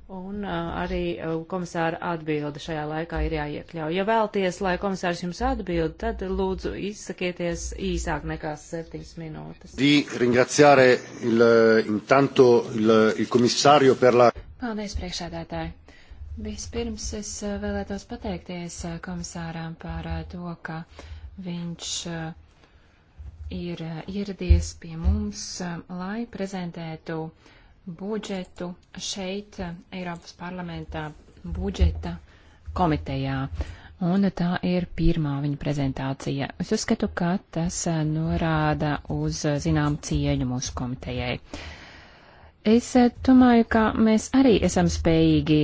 Un uh, arī uh, komisāra atbilde šajā laikā ir jāiekļauj. Ja vēlties, lai komisārs jums atbild, tad lūdzu izsakieties īsāk nekā septiņas minūtes. Il, intanto, il, il la... Paldies, priekšādātāji. Vispirms es vēlētos pateikties komisāram par to, ka viņš ir ieradies pie mums, lai prezentētu uh, budžetu šeit Eiropas parlamentā budžeta komitejā. Un tā ir pirmā viņa prezentācija. Es uzskatu, ka tas norāda uz zinām cieņu mūsu komitejai. Es domāju, ka mēs arī esam spējīgi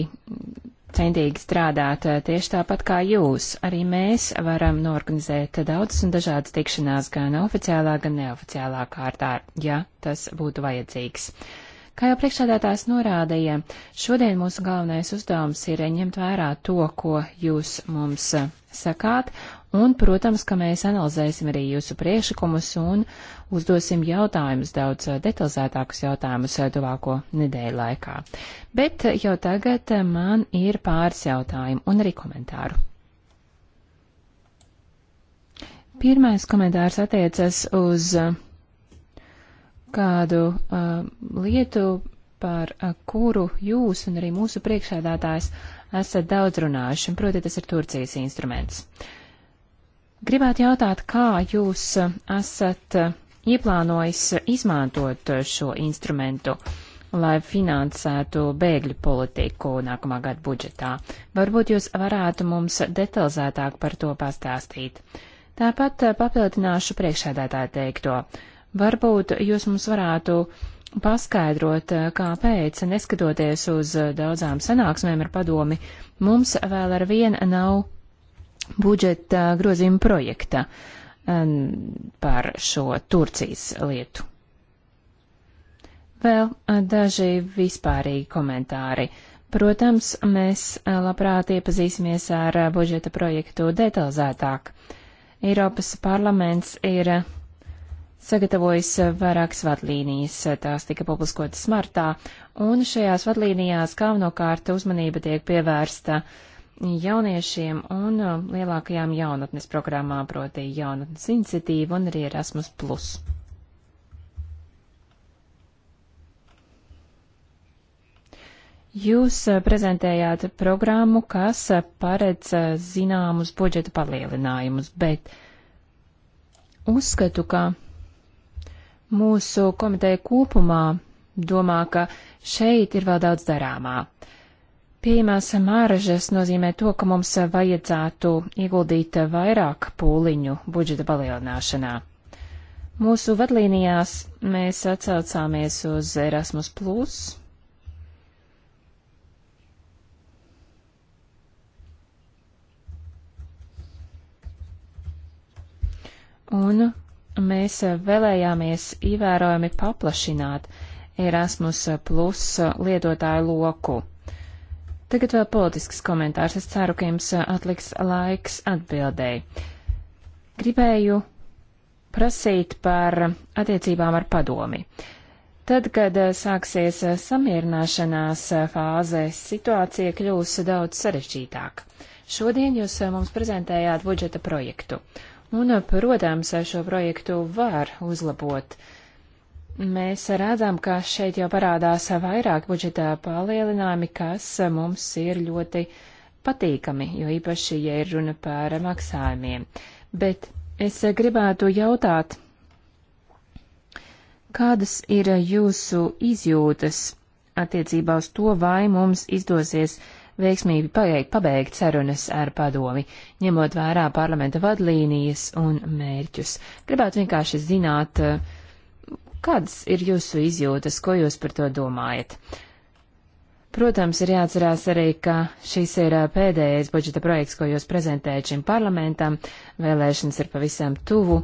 centīgi strādāt eh, tieši tāpat kā jūs. Arī mēs varam norganizēt daudzas un dažādas tikšanās gan oficiālā, gan neoficiālā kārtā, ja tas būtu vajadzīgs. Uh, Kā jau priekšādātājs norādīja, šodien mūsu galvenais uzdevums ir ņemt vērā to, ko jūs mums sakāt, un, protams, ka mēs analizēsim arī jūsu priekšlikumus un uzdosim jautājumus, daudz detalizētākus jautājumus tuvāko nedēļu laikā. Bet jau tagad man ir pāris jautājumu un arī komentāru. Pirmais komentārs attiecas uz kādu uh, lietu, par uh, kuru jūs un arī mūsu priekšēdātājs esat daudz runājuši, un proti tas ir Turcijas instruments. Gribētu jautāt, kā jūs uh, esat uh, ieplānojis izmantot uh, šo instrumentu, lai finansētu bēgļu politiku nākamā gada budžetā. Varbūt jūs varētu mums detalizētāk par to pastāstīt. Tāpat uh, papildināšu priekšēdētāju teikto. Varbūt jūs mums varētu paskaidrot, eh, kāpēc, neskatoties uz eh, daudzām sanāksmēm ar padomi, mums vēl ar vienu nav budžeta grozījuma projekta ehm, par šo Turcijas lietu. Vēl eh, daži vispārīgi komentāri. Protams, mēs labprāt iepazīsimies ar budžeta projektu detalizētāk. Eiropas parlaments ir sagatavojis eh, vairākas vadlīnijas. Eh, tās tika publiskotas martā, un šajās vadlīnijās galvenokārt uzmanība tiek pievērsta jauniešiem un eh, lielākajām jaunatnes programmām, proti jaunatnes iniciatīva un arī Erasmus. Jūs prezentējāt programmu, kas paredz zināmus budžeta palielinājumus, bet uzskatu, ka mūsu komiteja kopumā domā, ka šeit ir vēl daudz darāmā. Pieejamās māražas nozīmē to, ka mums vajadzētu ieguldīt vairāk pūliņu budžeta palielināšanā. Mūsu vadlīnijās mēs atsaucāmies uz Erasmus. Un mēs vēlējāmies ievērojami paplašināt Erasmus Plus lietotāju loku. Tagad vēl politisks komentārs. Es ceru, ka jums atliks laiks atbildēji. Gribēju prasīt par attiecībām ar padomi. Tad, kad sāksies samierināšanās fāze, situācija kļūs daudz sarežģītāka. Šodien jūs mums prezentējāt budžeta projektu, Un, protams, šo projektu var uzlabot. Mēs redzam, ka šeit jau parādās vairāk budžetā palielinājumi, kas mums ir ļoti patīkami, jo īpaši, ja ir runa par maksājumiem. Bet es gribētu jautāt, kādas ir jūsu izjūtas attiecībā uz to, vai mums izdosies uh, veiksmīgi pabeigt, pabeigt sarunas ar padomi, ņemot vērā parlamenta vadlīnijas un mērķus. Gribētu vienkārši zināt, eh, kādas ir jūsu izjūtas, ko jūs par to domājat. Protams, ir jāatcerās arī, ka šis ir eh, pēdējais budžeta projekts, ko jūs prezentējat šim parlamentam, vēlēšanas ir pavisam tuvu,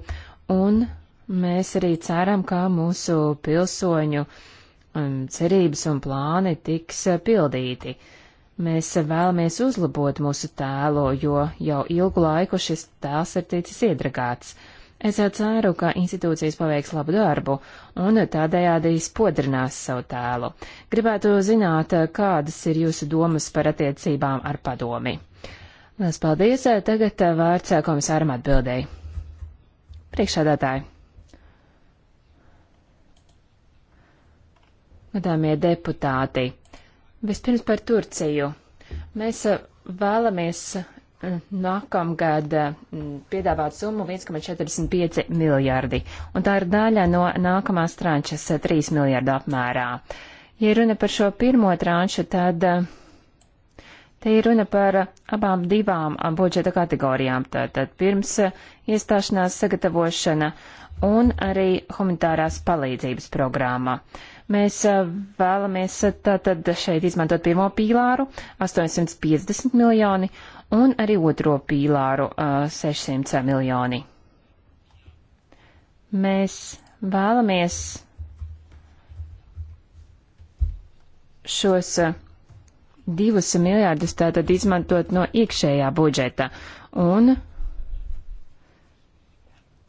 un mēs arī ceram, ka mūsu pilsoņu um, cerības un plāni tiks eh, pildīti. Uh, Mēs vēlamies uzlabot mūsu tēlo, jo jau ilgu laiku šis tēls ir ticis iedragāts. Es jau ceru, ka institūcijas paveiks labu darbu un tādējādi spodrinās savu tēlu. Gribētu zināt, kādas ir jūsu domas par attiecībām ar padomi. Lielas paldies! Tagad vārds komisāram atbildēji. Priekšādātāji. Gadāmie deputāti. Vispirms par Turciju. Mēs eh, vēlamies eh, nākamgad eh, piedāvāt summu 1,45 miljārdi, un tā ir daļa no nākamās trančas 3 miljārdu apmērā. Ja runa par šo pirmo tranšu, tad Te ir runa par abām divām budžeta kategorijām - tātad pirms iestāšanās sagatavošana un arī humanitārās palīdzības programma. Mēs eh, vēlamies eh, tātad šeit izmantot pirmo pīlāru 850 miljoni un arī otro pīlāru 600 eh, miljoni. Mēs vēlamies šos divus miljārdus tātad izmantot no iekšējā budžeta, un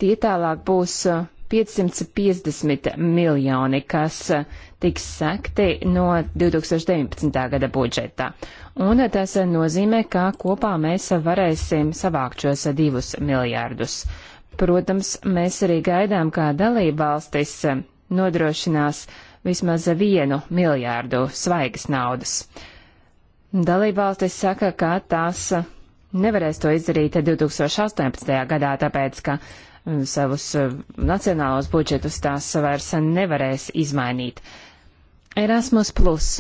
tie tālāk būs uh, 550 miljoni, kas eh, tiks sekti no 2019. gada budžeta. Un eh, tas eh, nozīmē, ka kopā mēs varēsim savākt šos divus miljārdus. Protams, mēs arī gaidām, kā dalība valstis nodrošinās vismaz vienu miljārdu svaigas naudas. Dalībvalstis saka, ka tās nevarēs to izdarīt 2018. gadā, tāpēc, ka savus eh, nacionālos budžetus, tās vairs nevarēs izmainīt. Erasmus Plus.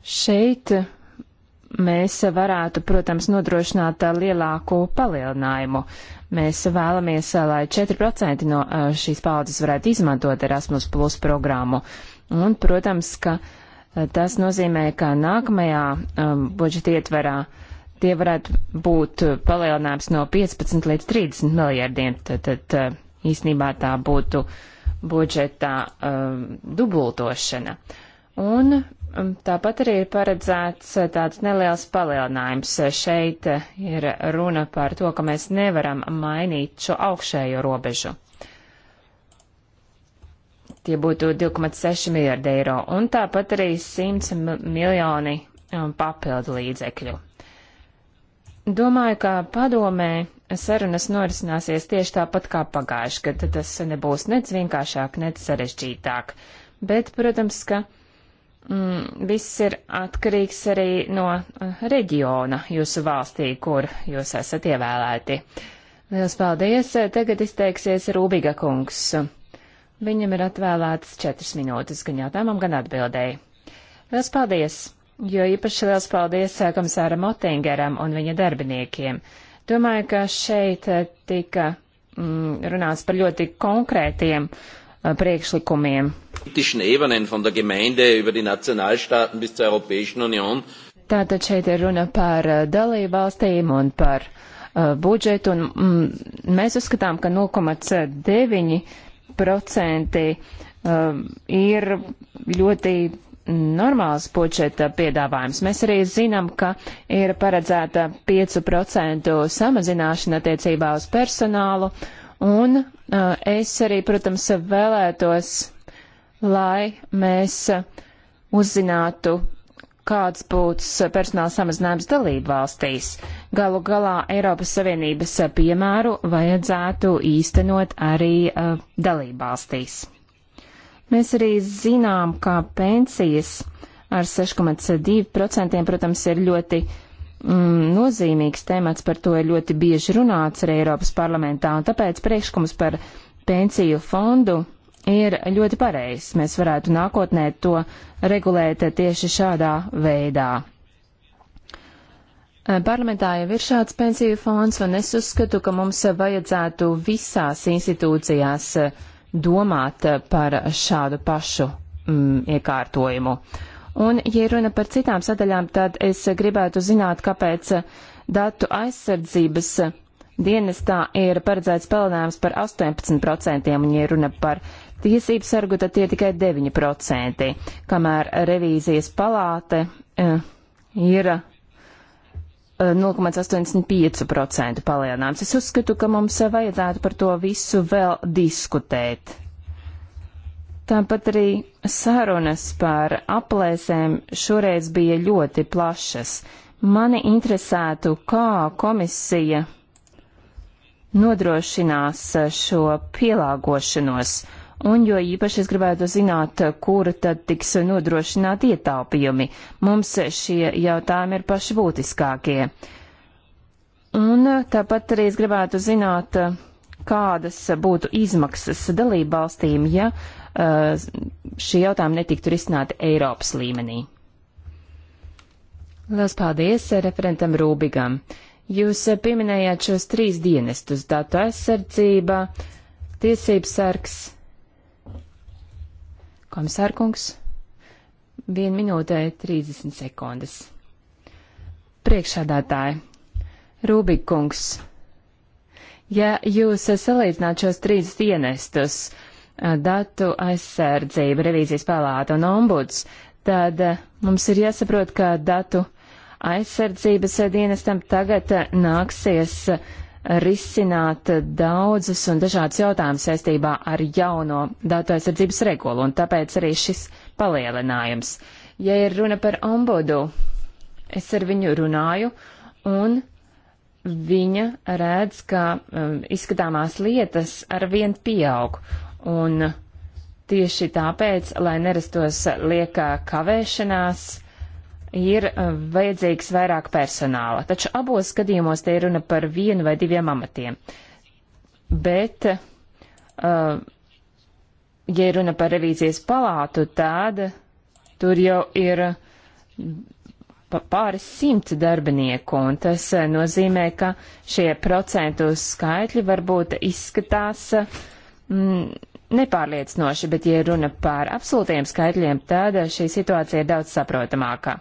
Šeit mēs varētu, protams, nodrošināt lielāku palielinājumu. Mēs vēlamies, eh, lai 4% no eh, šīs paudzes varētu izmantot Erasmus Plus programmu. Un, protams, ka tas nozīmē, ka nākamajā um, budžeta ietverā uh, tie varētu būt palielināts no 15 līdz 30 miljardiem. Tad, tad eh, īsnībā tā būtu budžetā um, dubultošana. Un mm, tāpat arī ir paredzēts eh, tāds neliels palielinājums. Šeit ir runa par to, ka mēs nevaram mainīt šo augšējo robežu. Tie būtu 2,6 miljardi eiro un tāpat arī 100 miljoni papildu līdzekļu. Domāju, ka padomē sarunas norisināsies tieši tāpat kā pagājuši, kad tas nebūs nec vienkāršāk, nec sarežģītāk. Bet, protams, ka mm, viss ir atkarīgs arī no eh, reģiona jūsu valstī, kur jūs esat ievēlēti. Liels paldies! Tagad izteiksies Rūbiga kungs. Viņam ir atvēlētas četras minūtes gan jautājumam, gan atbildēji. Liels paldies! jo īpaši liels paldies eh, komisāram Otingeram un viņa darbiniekiem. Domāju, ka šeit eh, tika mm, runāts par ļoti konkrētiem uh, priekšlikumiem. Tātad šeit ir runa par dalību valstīm un par uh, budžetu, un mm, mēs uzskatām, ka 0,9% uh, ir ļoti normāls budžeta piedāvājums. Mēs arī zinām, ka ir paredzēta 5% samazināšana attiecībā uz personālu, un uh, es arī, protams, vēlētos, lai mēs uzzinātu, kāds būs personāla samazinājums dalību valstīs. Galu galā Eiropas Savienības piemēru vajadzētu īstenot arī uh, dalību valstīs. Mēs arī zinām, ka pensijas ar 6,2% protams ir ļoti mm, nozīmīgs temats, par to ir ļoti bieži runāts arī Eiropas parlamentā, un tāpēc priekšlikums par pensiju fondu ir ļoti pareizs. Mēs varētu nākotnē to regulēt tieši šādā veidā. Parlamentā jau ir šāds pensiju fonds, un es uzskatu, ka mums vajadzētu visās institūcijās uh, domāt eh, par šādu pašu mm, iekārtojumu. Un, ja runa par citām sadaļām, tad es gribētu zināt, kāpēc eh, datu aizsardzības dienestā ir paredzēts palielinājums par 18%, un, ja runa par tiesību sargu, tad tie tikai 9%, kamēr revīzijas palāte e, ir 0,85% palielinājums. Es uzskatu, ka mums vajadzētu par to visu vēl diskutēt. Tāpat arī sarunas par aplēsēm šoreiz bija ļoti plašas. Mani interesētu, kā komisija nodrošinās šo pielāgošanos Un jo īpaši es gribētu zināt, kur tad tiks nodrošināti ietaupījumi. Mums šie jautājumi ir paši būtiskākie. Un tāpat arī es gribētu zināt, kādas būtu izmaksas dalību valstīm, ja eh, šie jautājumi netiktu risināti Eiropas līmenī. Lielas paldies eh, referentam Rūbigam. Jūs eh, pieminējāt šos trīs dienestus - datu aizsardzība, tiesības sargs Komisārkungs, 1 minūtē 30 sekundes. Priekšādātāji, Rūbikungs, ja jūs salīdzināt šos trīs dienestus, datu aizsardzība, revīzijas palāta un ombuds, tad mums ir jāsaprot, ka datu aizsardzības dienestam tagad nāksies risināt daudzus un dažādus jautājumus saistībā ar jauno datu aizsardzības regulu, un tāpēc arī šis palielinājums. Ja ir runa par ombudu, es ar viņu runāju, un viņa redz, ka um, izskatāmās lietas ar vien pieaug, un tieši tāpēc, lai nerastos liekā kavēšanās, uh, ir eh, vajadzīgs vairāk personāla, taču abos gadījumos te ir runa par vienu vai diviem amatiem. Bet, eh, ja runa par revīzijas palātu, tad tur jau ir pāris simts darbinieku, un tas eh, nozīmē, ka šie procentu skaitļi varbūt izskatās mm, nepārliecinoši, bet, ja runa par absolūtiem skaitļiem, tad šī situācija ir daudz saprotamākā.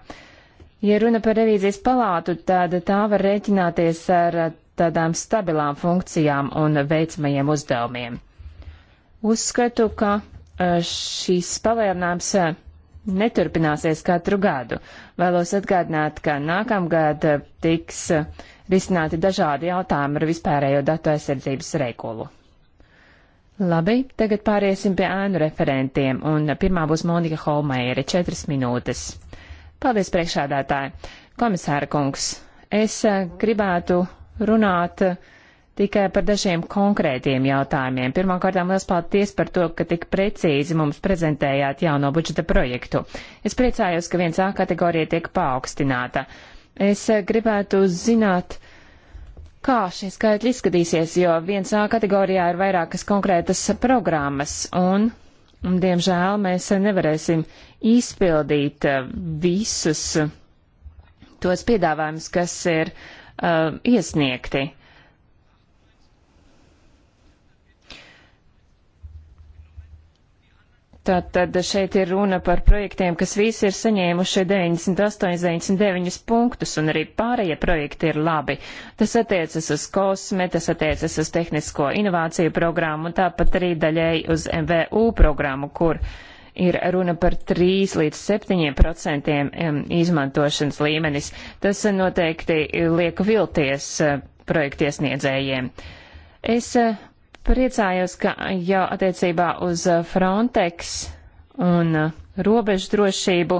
Ja runa par revīzijas palātu, tad tā var rēķināties ar tādām stabilām funkcijām un veicamajiem uzdevumiem. Uzskatu, ka e, šīs palielinājums e, neturpināsies katru gadu. Vēlos atgādināt, ka nākamgad tiks risināti dažādi jautājumi ar vispārējo datu aizsardzības regulu. Labi, tagad pāriesim pie ēnu referentiem, un pirmā būs Monika Holmēra, četras minūtes. Paldies, priekšādātāji. Komisāra kungs, es eh, gribētu runāt eh, tikai par dažiem konkrētiem jautājumiem. Pirmkārtām, liels paldies par to, ka tik precīzi mums prezentējāt jauno budžeta projektu. Es priecājos, ka viens A kategorija tiek paaugstināta. Es eh, gribētu zināt, kā šie skaitļi izskatīsies, jo viens A kategorijā ir vairākas konkrētas programmas un, un diemžēl, mēs nevarēsim izpildīt eh, visus tos piedāvājumus, kas ir uh, iesniegti. Tātad šeit ir runa par projektiem, kas visi ir saņēmuši 98, 99 punktus, un arī pārējie projekti ir labi. Tas attiecas uz kosme, tas attiecas uz tehnisko inovāciju programmu, un tāpat arī daļēji uz MVU programmu, kur ir runa par 3 līdz 7 procentiem izmantošanas līmenis. Tas noteikti liek vilties eh, projektiesniedzējiem. Es eh, Priecājos, ka jau attiecībā uz uh, Frontex un uh, robežu drošību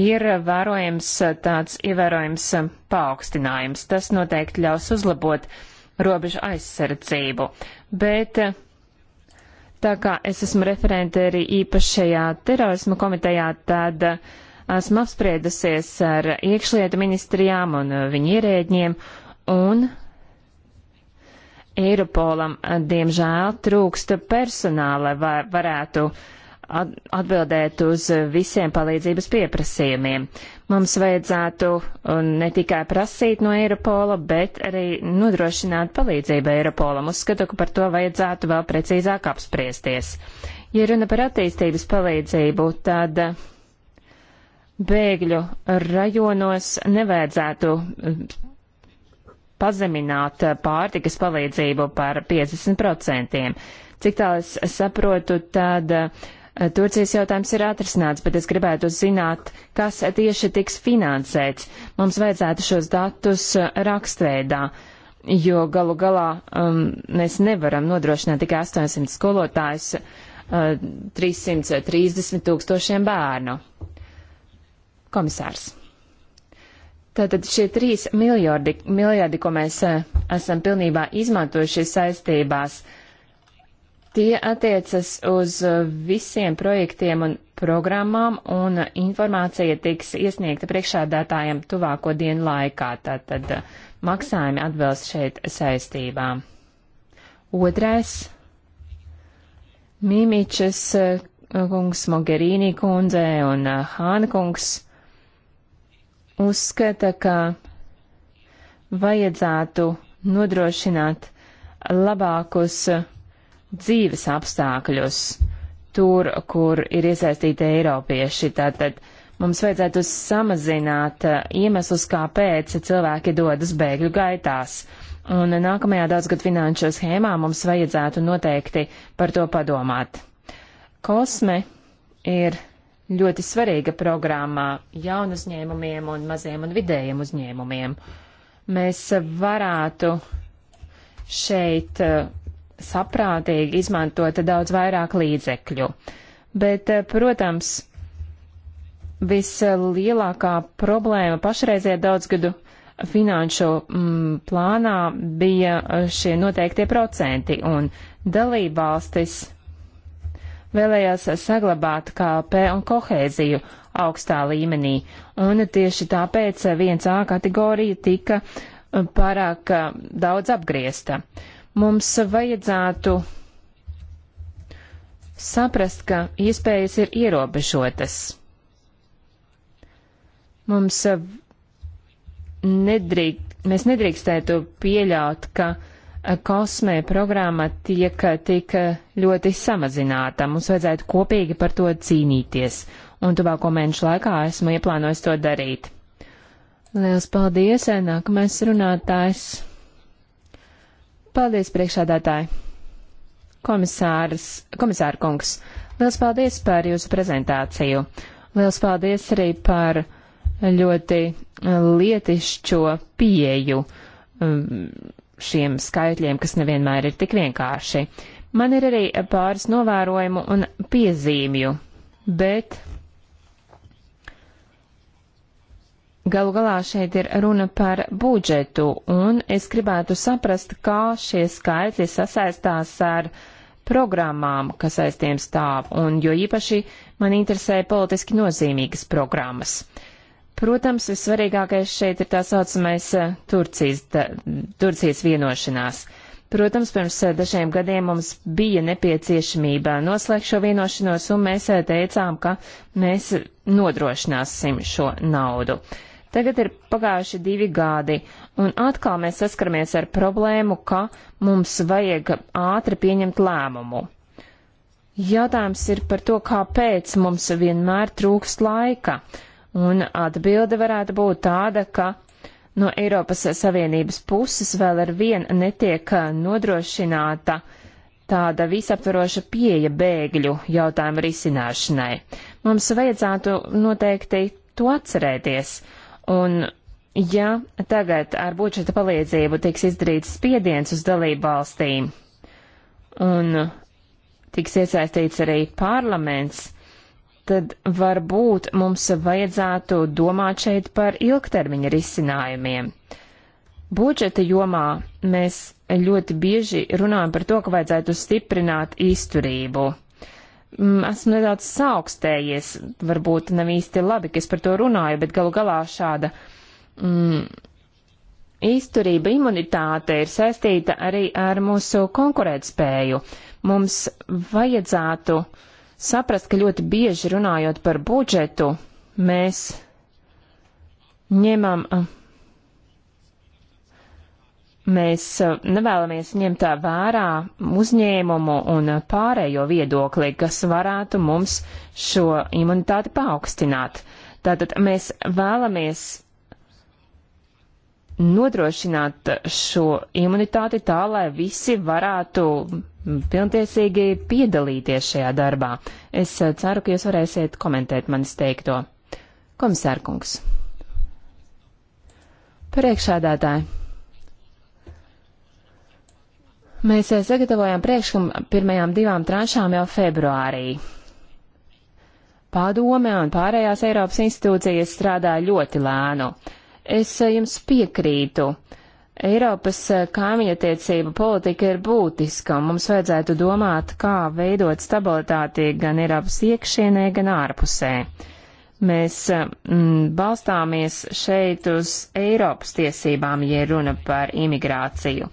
ir vērojams uh, tāds ievērojams um, paaugstinājums. Tas noteikti ļaus uzlabot robežu aizsardzību. Bet tā kā es esmu referente arī īpašajā terorisma komitejā, tad esmu apspriedusies ar iekšlietu ministrijām un viņu ierēģiem, un Eiropolam, eh, diemžēl, trūksta personāla, lai varētu atbildēt uz eh, visiem palīdzības pieprasījumiem. Mums vajadzētu eh, ne tikai prasīt no Eiropola, bet arī nodrošināt palīdzību Eiropolam. Uzskatu, ka par to vajadzētu vēl precīzāk apspriesties. Ja runa par attīstības palīdzību, tad bēgļu rajonos nevajadzētu pazemināt eh, pārtikas palīdzību par 50%. Cik tālu es saprotu, tad eh, Turcijas jautājums ir atrisināts, bet es gribētu zināt, kas tieši tiks finansēts. Mums vajadzētu šos datus eh, rakstveidā, jo galu galā um, mēs nevaram nodrošināt tikai 800 skolotājus uh, 330 tūkstošiem bērnu. Komisārs. Tātad šie trīs miljardi, miljardi ko mēs eh, esam pilnībā izmantojuši saistībās, tie attiecas uz eh, visiem projektiem un programmām, un eh, informācija tiks iesniegta priekšādātājiem tuvāko dienu laikā. Tātad maksājumi atbilst šeit saistībām. Otrais. Mīmīčas kungs, Mogherīnī kundze un Hāna kungs uzskata, ka vajadzētu nodrošināt labākus dzīves apstākļus tur, kur ir iesaistīti eiropieši. Tātad mums vajadzētu samazināt eh, iemeslus, kāpēc cilvēki dodas bēgļu gaitās. Un nākamajā daudzgad finanšu schēmā mums vajadzētu noteikti par to padomāt. Kosme ir ļoti svarīga programma jaunu uzņēmumiem un maziem un vidējiem uzņēmumiem. Mēs varētu šeit eh, saprātīgi izmantot daudz vairāk līdzekļu. Bet, eh, protams, vislielākā problēma pašreizajā daudzgadu finanšu mm, plānā bija šie noteiktie procenti, un dalībvalstis vēlējās saglabāt KLP un kohēziju augstā līmenī, un tieši tāpēc 1A kategorija tika uh, pārāk uh, daudz apgriesta. Mums vajadzētu saprast, ka iespējas ir ierobežotas. Mums uh, nedrīk, mēs nedrīkstētu pieļaut, ka uh, kosmē programma tiek tik ļoti samazināta. Mums vajadzētu kopīgi par to cīnīties, un tuvāko mēnešu laikā esmu ieplānojis to darīt. Liels paldies, nākamais runātājs. Paldies, priekšādātāji. Komisārs, komisāra kungs, liels paldies par jūsu prezentāciju. Liels paldies arī par ļoti lietišķo pieju um, šiem skaitļiem, kas nevienmēr ir tik vienkārši. Man ir arī pāris novērojumu un piezīmju, bet galu galā šeit ir runa par budžetu, un es gribētu saprast, kā šie skaitļi sasaistās ar programmām, kas aiz tiem stāv, un jo īpaši man interesē politiski nozīmīgas programmas. Uh, Protams, vissvarīgākais šeit ir tā saucamais eh, Turcijas, tā, Turcijas vienošanās. Protams, pirms eh, dažiem gadiem mums bija nepieciešamība noslēgt šo vienošanos, un mēs eh, teicām, ka mēs nodrošināsim šo naudu. Tagad ir pagājuši divi gadi, un atkal mēs saskaramies ar problēmu, ka mums vajag ātri pieņemt lēmumu. Jautājums ir par to, kāpēc mums vienmēr trūkst laika Un atbilde varētu būt tāda, ka no Eiropas Savienības puses vēl ar vien netiek uh, nodrošināta tāda visaptvaroša pieeja bēgļu jautājumu risināšanai. Mums vajadzētu noteikti to atcerēties. Un ja tagad ar budžeta palīdzību tiks izdarīts spiediens uz dalību valstīm un tiks iesaistīts arī parlaments, tad varbūt mums vajadzētu domāt šeit par ilgtermiņa risinājumiem. Budžeta jomā mēs ļoti bieži runājam par to, ka vajadzētu stiprināt izturību. Mm, esmu nedaudz saaugstējies, varbūt nav īsti labi, ka es par to runāju, bet galu galā šāda mm, izturība, imunitāte ir saistīta arī ar mūsu konkurētspēju. Mums vajadzētu uh, saprast, ka ļoti bieži runājot par budžetu, mēs ņemam, mēs nevēlamies ņemt vērā uzņēmumu un pārējo viedokli, kas varētu mums šo imunitāti paaugstināt. Tātad mēs vēlamies nodrošināt šo imunitāti tā, lai visi varētu pilntiesīgi piedalīties šajā darbā. Es eh, ceru, ka jūs varēsiet komentēt manis teikto. Komisārkungs. Priekšādātāji. Mēs eh, sagatavojām priekšlikumu pirmajām divām tranšām jau februārī. Padome un pārējās Eiropas institūcijas strādā ļoti lēnu. Es eh, jums piekrītu. Uh, Eiropas eh, kaimiņattiecību politika ir būtiska, un mums vajadzētu domāt, kā veidot stabilitāti gan Eiropas iekšienē, gan ārpusē. Mēs mm, balstāmies šeit uz Eiropas tiesībām, ja runa par imigrāciju,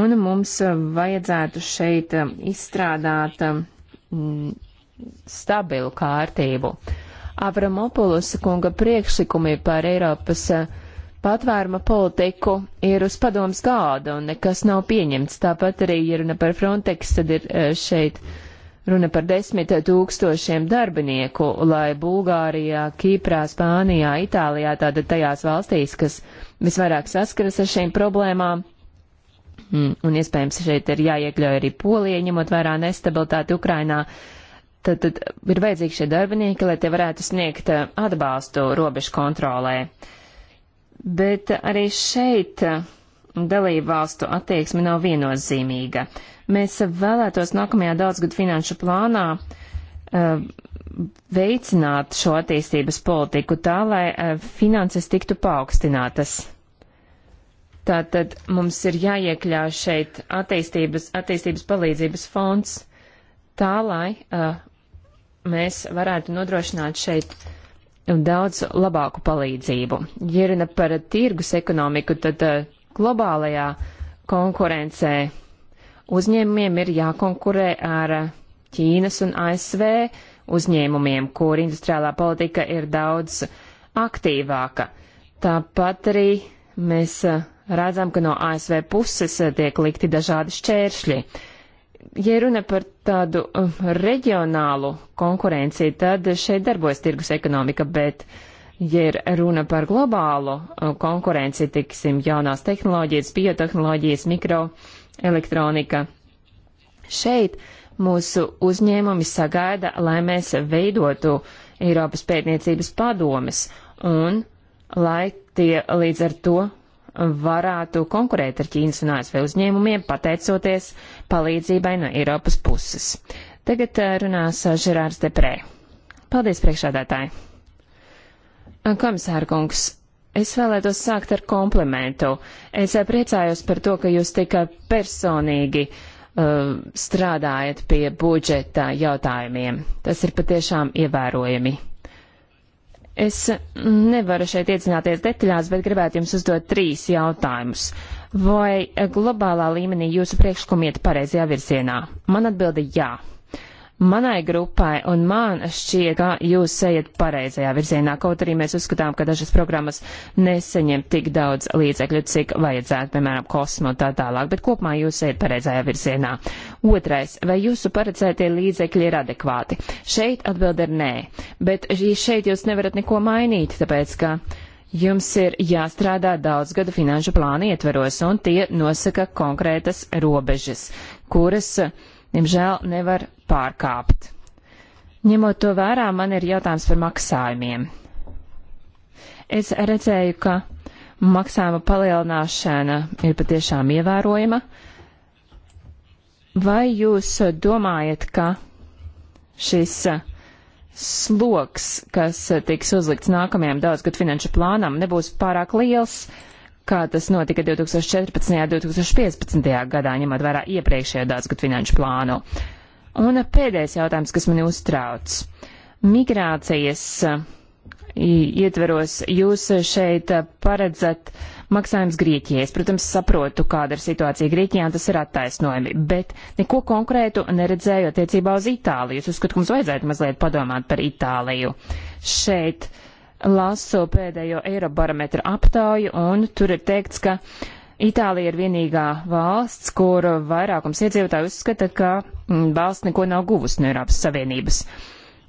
un mums eh, vajadzētu šeit izstrādāt mm, stabilu kārtību. Avramopulus kunga priekšlikumi par Eiropas uh, patvēruma politiku ir uz padoms gāda un nekas nav pieņemts. Tāpat arī, ja runa par Frontex, tad ir eh, šeit runa par desmit tūkstošiem darbinieku, lai Bulgārijā, Kīprā, Spānijā, Itālijā, tātad tajās valstīs, kas visvairāk saskaras ar šīm problēmām. Mm, un iespējams šeit ir jāiekļauj arī Polija, ņemot vērā nestabilitāti Ukrainā. Tad, tad ir vajadzīgi šie darbinieki, lai tie varētu sniegt eh, atbalstu robežu kontrolē. Uh, Bet arī šeit dalībvalstu attieksme nav viennozīmīga. Mēs vēlētos nākamajā daudzgad finanšu plānā uh, veicināt šo attīstības politiku tā, lai uh, finanses tiktu paaugstinātas. Tātad mums ir jāiekļauj šeit attīstības, attīstības palīdzības fonds tā, lai uh, mēs varētu nodrošināt šeit uh, daudz labāku palīdzību. Ja runa par tirgus ekonomiku, tad eh, globālajā konkurencē uzņēmumiem ir jākonkurē ar eh, Ķīnas un ASV uzņēmumiem, kur industriālā politika ir daudz aktīvāka. Tāpat arī mēs eh, redzam, ka no ASV puses tiek likti dažādi šķēršļi. Uh, ja runa par tādu uh, reģionālu konkurenci, tad šeit darbojas tirgus ekonomika, bet, ja ir runa par globālu uh, konkurenci, tiksim, jaunās tehnoloģijas, biotehnoloģijas, mikroelektronika, šeit mūsu uzņēmumi sagaida, lai mēs veidotu Eiropas pētniecības padomes un lai tie līdz ar to varētu konkurēt ar Ķīnas un ASV uzņēmumiem, pateicoties uh, palīdzībai no Eiropas puses. Tagad eh, runās eh, Žerārs Deprē. Paldies, priekšādātāji! Eh, komisāra kungs, es vēlētos sākt ar komplimentu. Es priecājos par to, ka jūs tik personīgi uh, strādājat pie budžeta jautājumiem. Tas ir patiešām ievērojami. Es nevaru šeit iedzināties detaļās, bet gribētu jums uzdot trīs jautājumus. Uh, Vai eh, globālā līmenī jūsu priekšlikumi iet pareizajā virzienā? Man atbildi jā. Manai grupai un man šķiet, ka jūs ejat pareizajā virzienā, kaut arī mēs uzskatām, ka dažas programmas neseņem tik daudz līdzekļu, cik vajadzētu, piemēram, kosmo un tā tālāk, bet kopumā jūs ejat pareizajā virzienā. Otrais, vai jūsu paredzētie līdzekļi ir adekvāti? Šeit atbild ir nē, bet šeit jūs nevarat neko mainīt, tāpēc ka jums ir jāstrādā daudzgada finanšu plāna ietveros, un tie nosaka konkrētas robežas, kuras, diemžēl, nevar pārkāpt. Ņemot to vērā, man ir jautājums par maksājumiem. Es redzēju, ka maksājuma palielināšana ir patiešām ievērojama. Vai jūs domājat, ka šis uh, sloks, kas tiks uzlikts nākamajam daudzgad finanšu plānam, nebūs pārāk liels, kā tas notika 2014. un 2015. gadā, ņemot vērā iepriekšējo daudzgad finanšu plānu. Un pēdējais jautājums, kas mani uztrauc. Migrācijas ietveros jūs šeit paredzat uh, maksājums Grieķijai. Es, protams, saprotu, kāda ir situācija Grieķijā, un tas ir attaisnojami, bet neko konkrētu neredzēju attiecībā uz Itāliju. Es uzskatu, ka mums vajadzētu mazliet padomāt par Itāliju. Šeit lasu pēdējo Eirobarometra aptauju, un tur ir teikts, ka Itālija ir vienīgā valsts, kur vairākums iedzīvotāju uzskata, ka mm, valsts neko nav guvusi no Eiropas Savienības.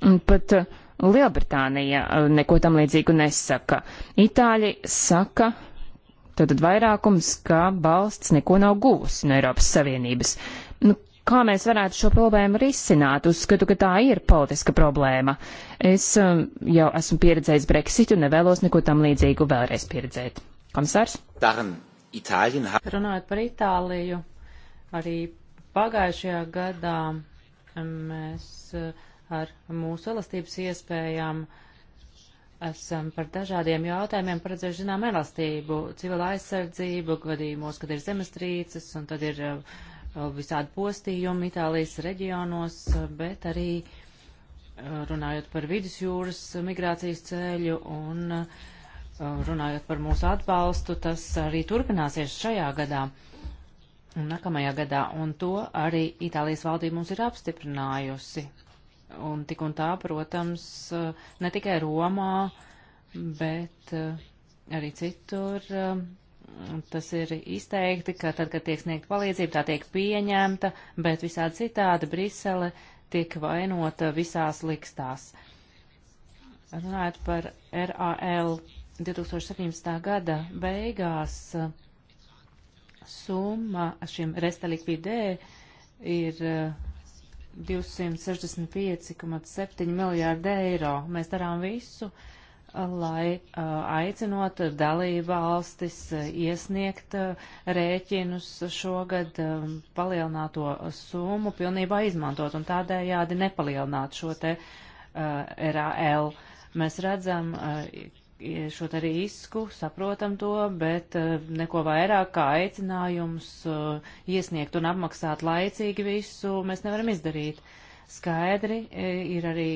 Un pat uh, Lielbritānija uh, neko tam līdzīgu nesaka. Itāļi saka, Tātad vairākums, ka valsts neko nav guvusi no Eiropas Savienības. Nu, kā mēs varētu šo problēmu risināt? Uzskatu, ka tā ir politiska problēma. Es um, jau esmu pieredzējis Brexitu un nevēlos neko tam līdzīgu vēlreiz pieredzēt. Komisārs? Runājot par Itāliju, arī pagājušajā gadā mēs uh, ar mūsu elastības iespējām uh, esam par dažādiem jautājumiem paredzējuši zinām elastību, civila aizsardzību, gadījumos, kad ir zemestrīces un tad ir uh, visādi postījumi Itālijas reģionos, bet arī uh, runājot par vidusjūras migrācijas ceļu un uh, runājot par mūsu atbalstu, tas arī turpināsies šajā gadā un nākamajā gadā, un to arī Itālijas valdība mums ir apstiprinājusi. Un tik un tā, protams, ne tikai Romā, bet eh, arī citur eh, tas ir izteikti, ka tad, kad tiek sniegta palīdzība, tā tiek pieņemta, bet visādi citādi Brisele tiek vainota visās likstās. Runājot par RAL 2017. gada beigās, summa šim restalikvidē ir eh, 265,7 miljārdi eiro. Mēs darām visu, lai aicinot dalību valstis iesniegt rēķinus šogad palielināto summu pilnībā izmantot un tādējādi nepalielināt šo te RAL. Mēs redzam, šo te risku, saprotam to, bet eh, neko vairāk kā aicinājums eh, iesniegt un apmaksāt laicīgi visu mēs nevaram izdarīt. Skaidri eh, ir arī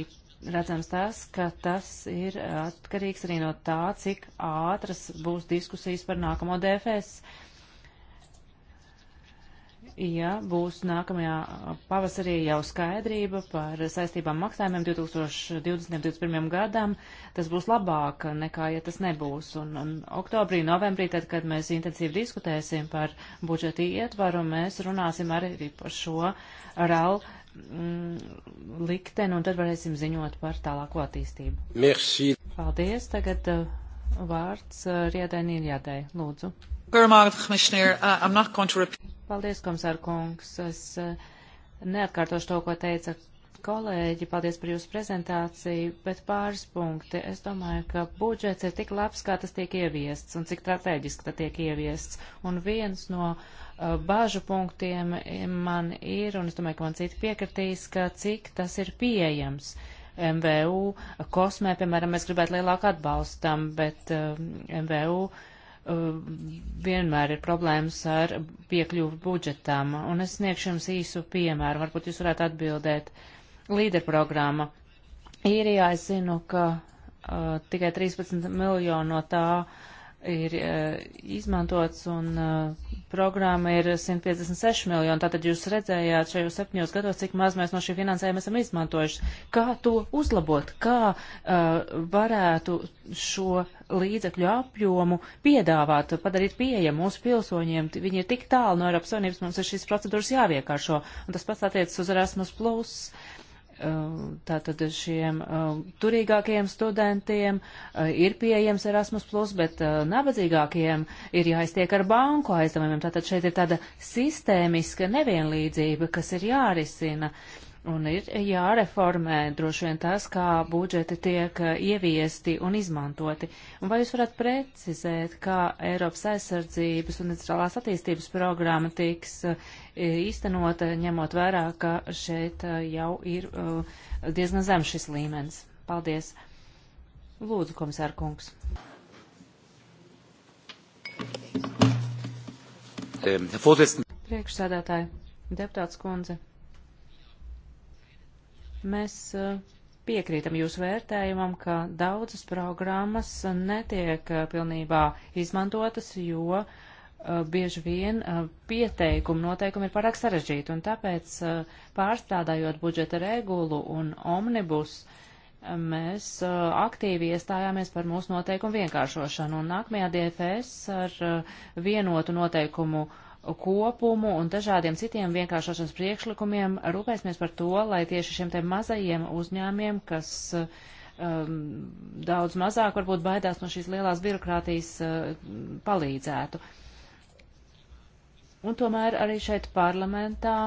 redzams tas, ka tas ir atkarīgs arī no tā, cik ātras būs diskusijas par nākamo DFS ja būs nākamajā pavasarī jau skaidrība par saistībām maksājumiem 2020-2021 gadam, tas būs labāk nekā, ja tas nebūs. Un, un um, oktobrī, novembrī, tad, kad mēs intensīvi diskutēsim par budžeta ietvaru, mēs runāsim arī par šo RAL mm, likteni, un tad varēsim ziņot par tālāko attīstību. Merci. Paldies. Tagad uh, vārds uh, Riedai Nīļādai. Lūdzu. Commissioner, uh, I'm not going to repeat. Paldies, komisār kungs. Es eh, neatkārtošu to, ko teica kolēģi. Paldies par jūsu prezentāciju, bet pāris punkti. Es domāju, ka budžets ir tik labs, kā tas tiek ieviests un cik strateģiski tas tiek ieviests. Un viens no uh, bāžu punktiem man ir, un es domāju, ka man citi piekritīs, ka cik tas ir pieejams. MVU kosmē, piemēram, mēs gribētu lielāku atbalstam, bet uh, eh, MVU uh, vienmēr ir problēmas ar piekļuvu budžetam. Un es sniegšu jums īsu piemēru, varbūt jūs varētu atbildēt. Līderprogramma. Īrijā es zinu, ka uh, tikai 13 miljonu no tā ir e, izmantots un e, programma ir 156 miljoni. Tātad jūs redzējāt šajos septņos gados, cik maz mēs no šī finansējuma esam izmantojuši. Kā to uzlabot? Kā uh, varētu šo līdzekļu apjomu piedāvāt, padarīt pieejamu mūsu pilsoņiem? Viņi ir tik tālu no Eiropas Savienības, mums ir šīs procedūras jāviekāršo. Un tas pats attiecas uz Erasmus. Plus. Uh, Um, tātad šiem um, turīgākajiem studentiem uh, ir pieejams Erasmus, bet uh, nabadzīgākajiem ir jāiztiek ar banku aizdevumiem. Tātad šeit ir tāda sistēmiska nevienlīdzība, kas ir jārisina. Uh, Un ir jāreformē droši vien tas, kā budžeti tiek eh, ieviesti un izmantoti. Un vai jūs varat precizēt, kā Eiropas aizsardzības un industriālās attīstības programma tiks eh, īstenota, ņemot vērā, ka šeit eh, jau ir diezgan zem šis līmenis? Paldies! Lūdzu, komisārkungs. Ehm, Priekšsēdētāji, deputāts kundze. Mēs eh, piekrītam jūsu vērtējumam, ka daudzas programmas eh, netiek eh, pilnībā izmantotas, jo bieži vien pieteikumu noteikumi ir pārāk sarežģīti, un tāpēc pārstrādājot budžeta regulu un omnibus, mēs aktīvi iestājāmies par mūsu noteikumu vienkāršošanu, un nākamajā DFS ar vienotu noteikumu uh, kopumu un dažādiem citiem vienkāršošanas priekšlikumiem rūpēsimies par to, lai tieši šiem te mazajiem uzņēmiem, kas um, daudz mazāk varbūt baidās no šīs lielās birokrātijas, uh, palīdzētu. Un tomēr arī šeit parlamentā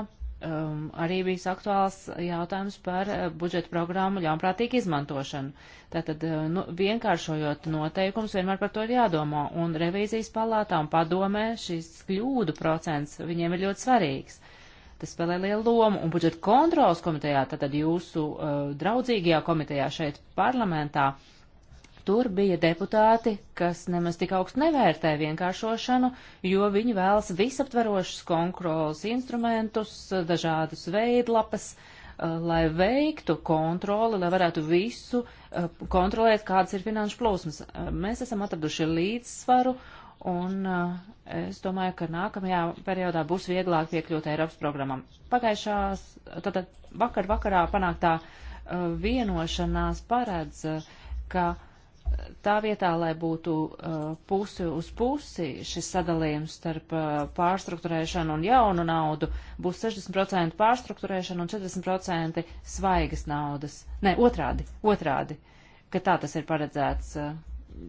um, arī bijis aktuāls jautājums par uh, budžeta programmu ļaunprātīgu izmantošanu. Tātad, uh, nu, vienkāršojot noteikums, vienmēr par to ir jādomā, un revīzijas palātā un padomē šis kļūdu procents viņiem ir ļoti svarīgs. Tas spēlē lielu lomu, un budžeta kontrolas komitejā, tātad jūsu uh, draudzīgajā komitejā šeit parlamentā, uh, tur bija deputāti, kas nemaz tik augstu nevērtē vienkāršošanu, jo viņi vēlas visaptverošus kontrolas instrumentus, dažādus veidlapas, eh, lai veiktu kontroli, lai varētu visu eh, kontrolēt, kādas ir finanšu plūsmas. Eh, mēs esam atraduši līdzsvaru un uh, es domāju, ka nākamajā periodā būs vieglāk piekļūt Eiropas programmam. Pagājušās, tātad vakar vakarā panāktā uh, vienošanās paredz, uh, ka tā vietā, lai būtu uh, pusi uz pusi šis sadalījums starp uh, pārstruktūrēšanu un jaunu naudu, būs 60% pārstruktūrēšana un 40% svaigas naudas. Nē, otrādi, otrādi, ka tā tas ir paredzēts. Uh,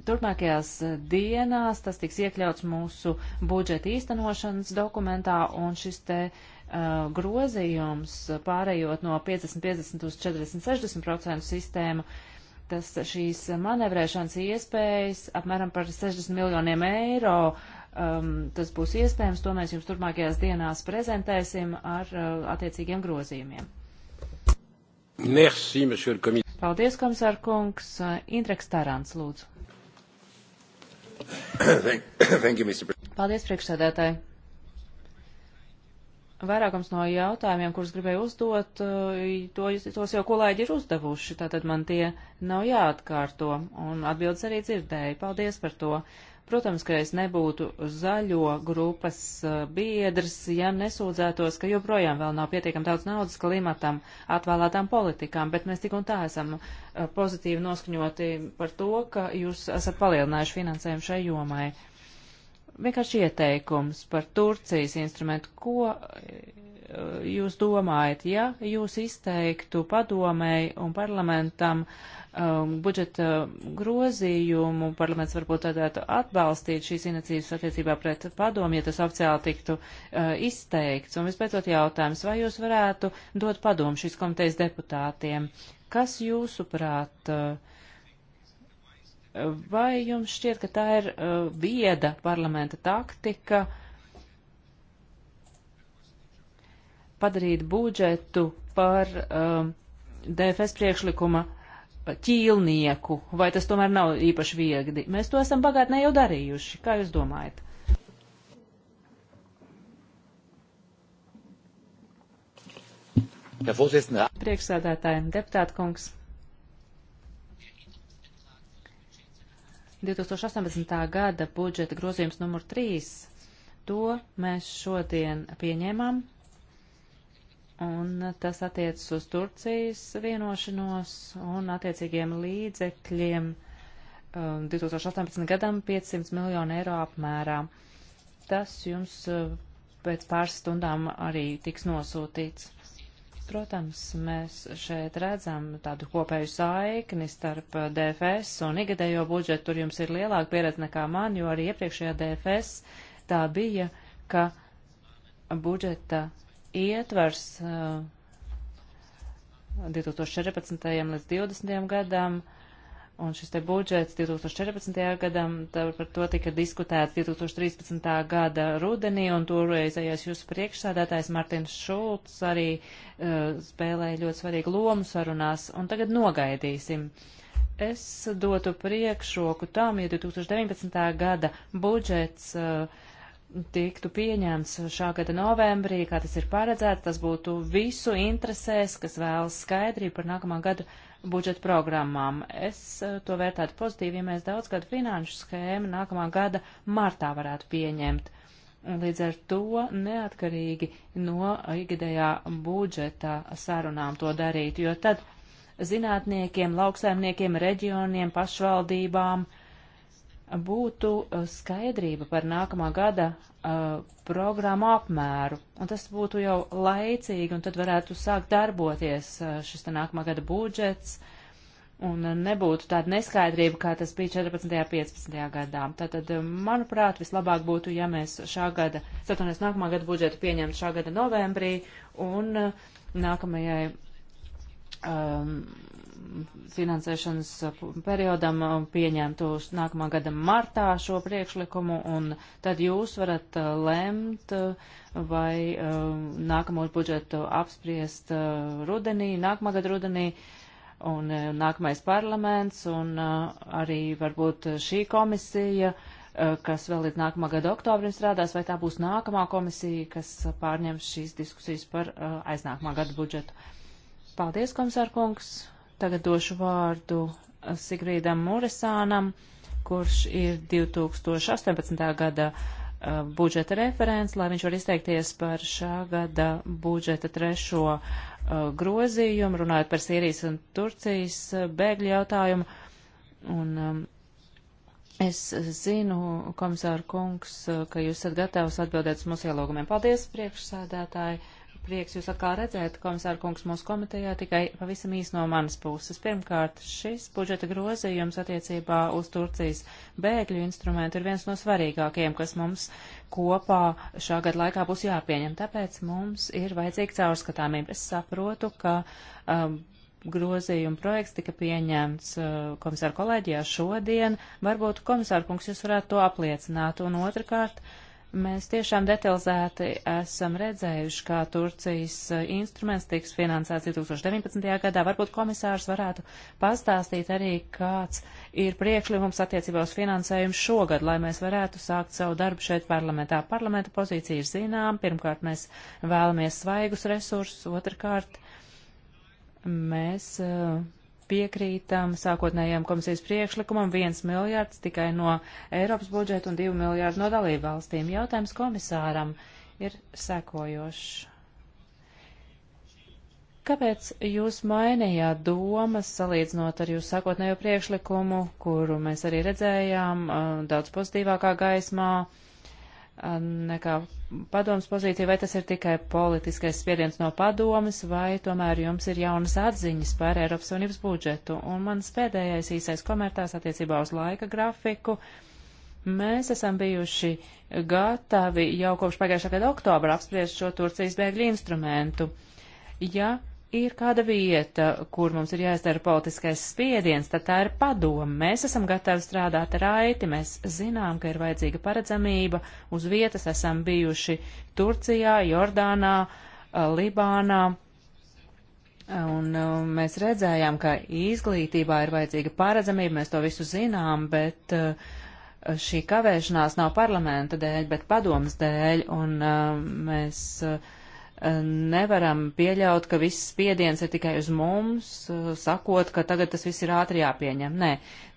turpmākajās dienās tas tiks iekļauts mūsu budžeta īstenošanas dokumentā un šis te uh, grozījums pārējot no 50-50 uz 40-60% sistēmu uh, tas, šīs manevrēšanas iespējas apmēram par 60 miljoniem eiro. Um, tas būs iespējams, to mēs jums turpmākajās dienās prezentēsim ar uh, attiecīgiem grozījumiem. Merci, komis Paldies, komisār kungs. Intreks Tarants, lūdzu. Thank you, Paldies, priekšsēdētāji vairākums no jautājumiem, kurus gribēju uzdot, eh, to, tos jau kolēģi ir uzdevuši, tātad man tie nav jāatkārto, un atbildes arī dzirdēju. Paldies par to. Protams, ka es nebūtu zaļo grupas eh, biedrs, ja nesūdzētos, ka joprojām vēl nav pietiekam daudz naudas klimatam atvēlētām politikām, bet mēs tik un tā esam eh, pozitīvi noskaņoti par to, ka jūs esat palielinājuši finansējumu šai jomai. Uh, vienkārši ieteikums par Turcijas instrumentu. Ko eh, jūs domājat, ja jūs izteiktu padomēji un parlamentam um, budžeta grozījumu, parlaments varbūt tādētu atbalstīt šīs iniciatīvas attiecībā pret padomu, ja tas oficiāli tiktu uh, izteikts? Un vispēcot jautājums, vai jūs varētu dot padomu šīs komitejas deputātiem? Kas jūsuprāt uh, Vai jums šķiet, ka tā ir uh, vieda parlamenta taktika padarīt budžetu par uh, um, DFS priekšlikuma ķīlnieku, vai tas tomēr nav īpaši viegli? Mēs to esam bagātnē jau darījuši. Kā jūs domājat? Priekšsēdētājiem, deputāta kungs. 2018. gada budžeta grozījums numur 3. To mēs šodien pieņēmām, un tas attiecas uz Turcijas vienošanos un attiecīgiem līdzekļiem 2018. Um, gadam 500 miljonu eiro apmērā. Tas jums uh, pēc pāris stundām arī tiks nosūtīts. Protams, mēs šeit redzam tādu kopēju saikni starp DFS un igadējo budžetu. Tur jums ir lielāka pieredze nekā man, jo arī iepriekšējā DFS tā bija, ka budžeta ietvers uh, 2014. līdz 2020. gadam uh, Un šis te budžets 2014. gadam, par to tika diskutēts 2013. gada rudenī, un toreizējais jūsu priekšsādātājs Martins Šulcs arī uh, spēlēja ļoti svarīgu lomu sarunās, un tagad nogaidīsim. Es dotu priekšroku tam, ja 2019. gada budžets uh, tiktu pieņemts šā gada novembrī, kā tas ir paredzēts, tas būtu visu interesēs, kas vēlas skaidrību par nākamā gada budžeta programmām. Es eh, to vērtētu pozitīvi, ja mēs daudzgadu finanšu schēmu nākamā gada martā varētu pieņemt. Līdz ar to neatkarīgi no ikgadējā budžeta sarunām to darīt, jo tad zinātniekiem, lauksaimniekiem, reģioniem, pašvaldībām, uh, būtu eh, skaidrība par nākamā gada uh, programmu apmēru, un tas būtu jau laicīgi, un tad varētu sākt darboties uh, šis te nākamā gada budžets, un uh, nebūtu tāda neskaidrība, kā tas bija 14. un 15. gadā. Tātad, manuprāt, vislabāk būtu, ja mēs šā gada, ceturtais nākamā gada budžetu pieņemtu šā gada novembrī, un nākamajai um, finansēšanas periodam pieņemtu nākamā gada martā šo priekšlikumu, un tad jūs varat uh, lemt, uh, vai uh, nākamo budžetu apspriest rudenī, nākamā gada rudenī, un nākamais parlaments, un arī varbūt šī komisija, kas vēl līdz nākamā gada oktobrim strādās, vai tā būs nākamā komisija, kas pārņems šīs diskusijas par aiznākamā gada budžetu. Paldies, komisārkungs! Tagad došu vārdu eh, Sigrīdam Muresānam, kurš ir 2018. gada uh, budžeta referents, lai viņš var izteikties par šā gada budžeta trešo uh, grozījumu, runājot par Sīrijas un Turcijas uh, bēgļu jautājumu. Un, um, es zinu, komisāra kungs, ka jūs esat gatavs atbildēt uz mūsu ielogumiem. Paldies, priekšsēdētāji! Prieks jūs atkal redzēt, komisāra kungs, mūsu komitejā tikai pavisam īsi no manas puses. Pirmkārt, šis budžeta grozījums attiecībā uz Turcijas bēgļu instrumentu ir viens no svarīgākajiem, kas mums kopā šā gada laikā būs jāpieņem. Tāpēc mums ir vajadzīga caurskatāmība. Es saprotu, ka um, grozījuma projekts tika pieņemts uh, komisāra kolēģijā šodien. Varbūt komisāra kungs jūs varētu to apliecināt. Un otrkārt, uh, Mēs tiešām detalizēti esam redzējuši, kā Turcijas eh, instruments tiks finansēts 2019. gadā. Varbūt komisārs varētu pastāstīt arī, kāds ir priekšlikums attiecībā uz finansējumu šogad, lai mēs varētu sākt savu darbu šeit parlamentā. Parlamenta pozīcija ir zinām. Pirmkārt, mēs vēlamies svaigus resursus, otrkārt, mēs. Uh, piekrītam sākotnējiem komisijas priekšlikumam 1 miljārds tikai no Eiropas budžeta un 2 miljārdi no dalību valstīm. Jautājums komisāram ir sekojošs. Kāpēc jūs mainījāt domas, salīdzinot ar jūsu sākotnējo priekšlikumu, kuru mēs arī redzējām uh, daudz pozitīvākā gaismā? Uh, Ehm, nekā padomas pozīcija, vai tas ir tikai politiskais spiediens no padomas, vai tomēr jums ir jaunas atziņas par Eiropas Savienības budžetu. Un mans pēdējais īsais komentārs attiecībā uz laika grafiku. Mēs esam bijuši gatavi jau kopš pagājušā gada oktobra apspriest šo Turcijas bēgļu instrumentu. Ja ir kāda vieta, kur mums ir jāizdara politiskais spiediens, tad tā ir padoma. Mēs esam gatavi strādāt ar aiti, mēs zinām, ka ir vajadzīga paredzamība, uz vietas esam bijuši Turcijā, Jordānā, Libānā. Un mēs redzējām, ka izglītībā ir vajadzīga paredzamība, mēs to visu zinām, bet uh, šī kavēšanās nav parlamenta dēļ, bet padomas dēļ, un uh, mēs uh, nevaram pieļaut, ka viss spiediens ir tikai uz mums, sakot, ka tagad tas viss ir ātri jāpieņem. Nē,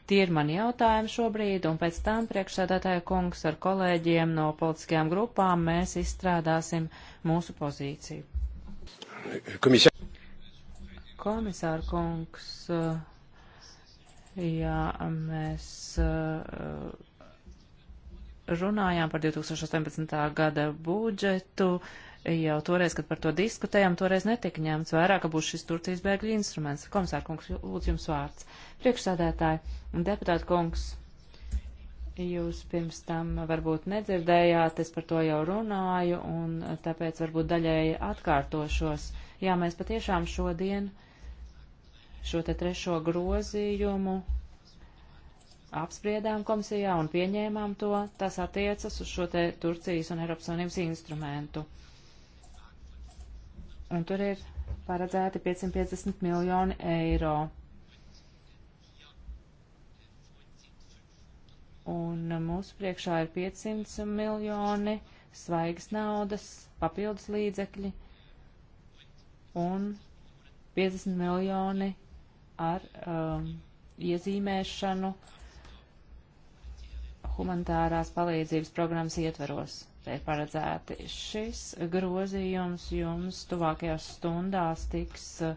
tie ir mani jautājumi šobrīd, un pēc tam priekšsēdētāja kungs ar kolēģiem no politiskajām grupām mēs izstrādāsim mūsu pozīciju. Komisār, Komisār kungs, jā, mēs eh, runājām par 2018. gada budžetu jau toreiz, kad par to diskutējām, toreiz netika ņemts vērā, ka būs šis Turcijas bēgļu instruments. Komisār kungs, lūdzu jums vārds. Priekšsādētāji, deputāta kungs, jūs pirms tam varbūt nedzirdējāt, es par to jau runāju, un tāpēc varbūt daļēji atkārtošos. Jā, mēs patiešām šodien šo te trešo grozījumu apspriedām komisijā un pieņēmām to, tas attiecas uz šo te Turcijas un Eiropas Savienības instrumentu un tur ir paredzēti 550 miljoni eiro. Un mūsu priekšā ir 500 miljoni svaigas naudas, papildus līdzekļi un 50 miljoni ar um, iezīmēšanu humanitārās palīdzības programmas ietveros. Te ir paredzēti šis grozījums jums tuvākajās stundās tiks uh,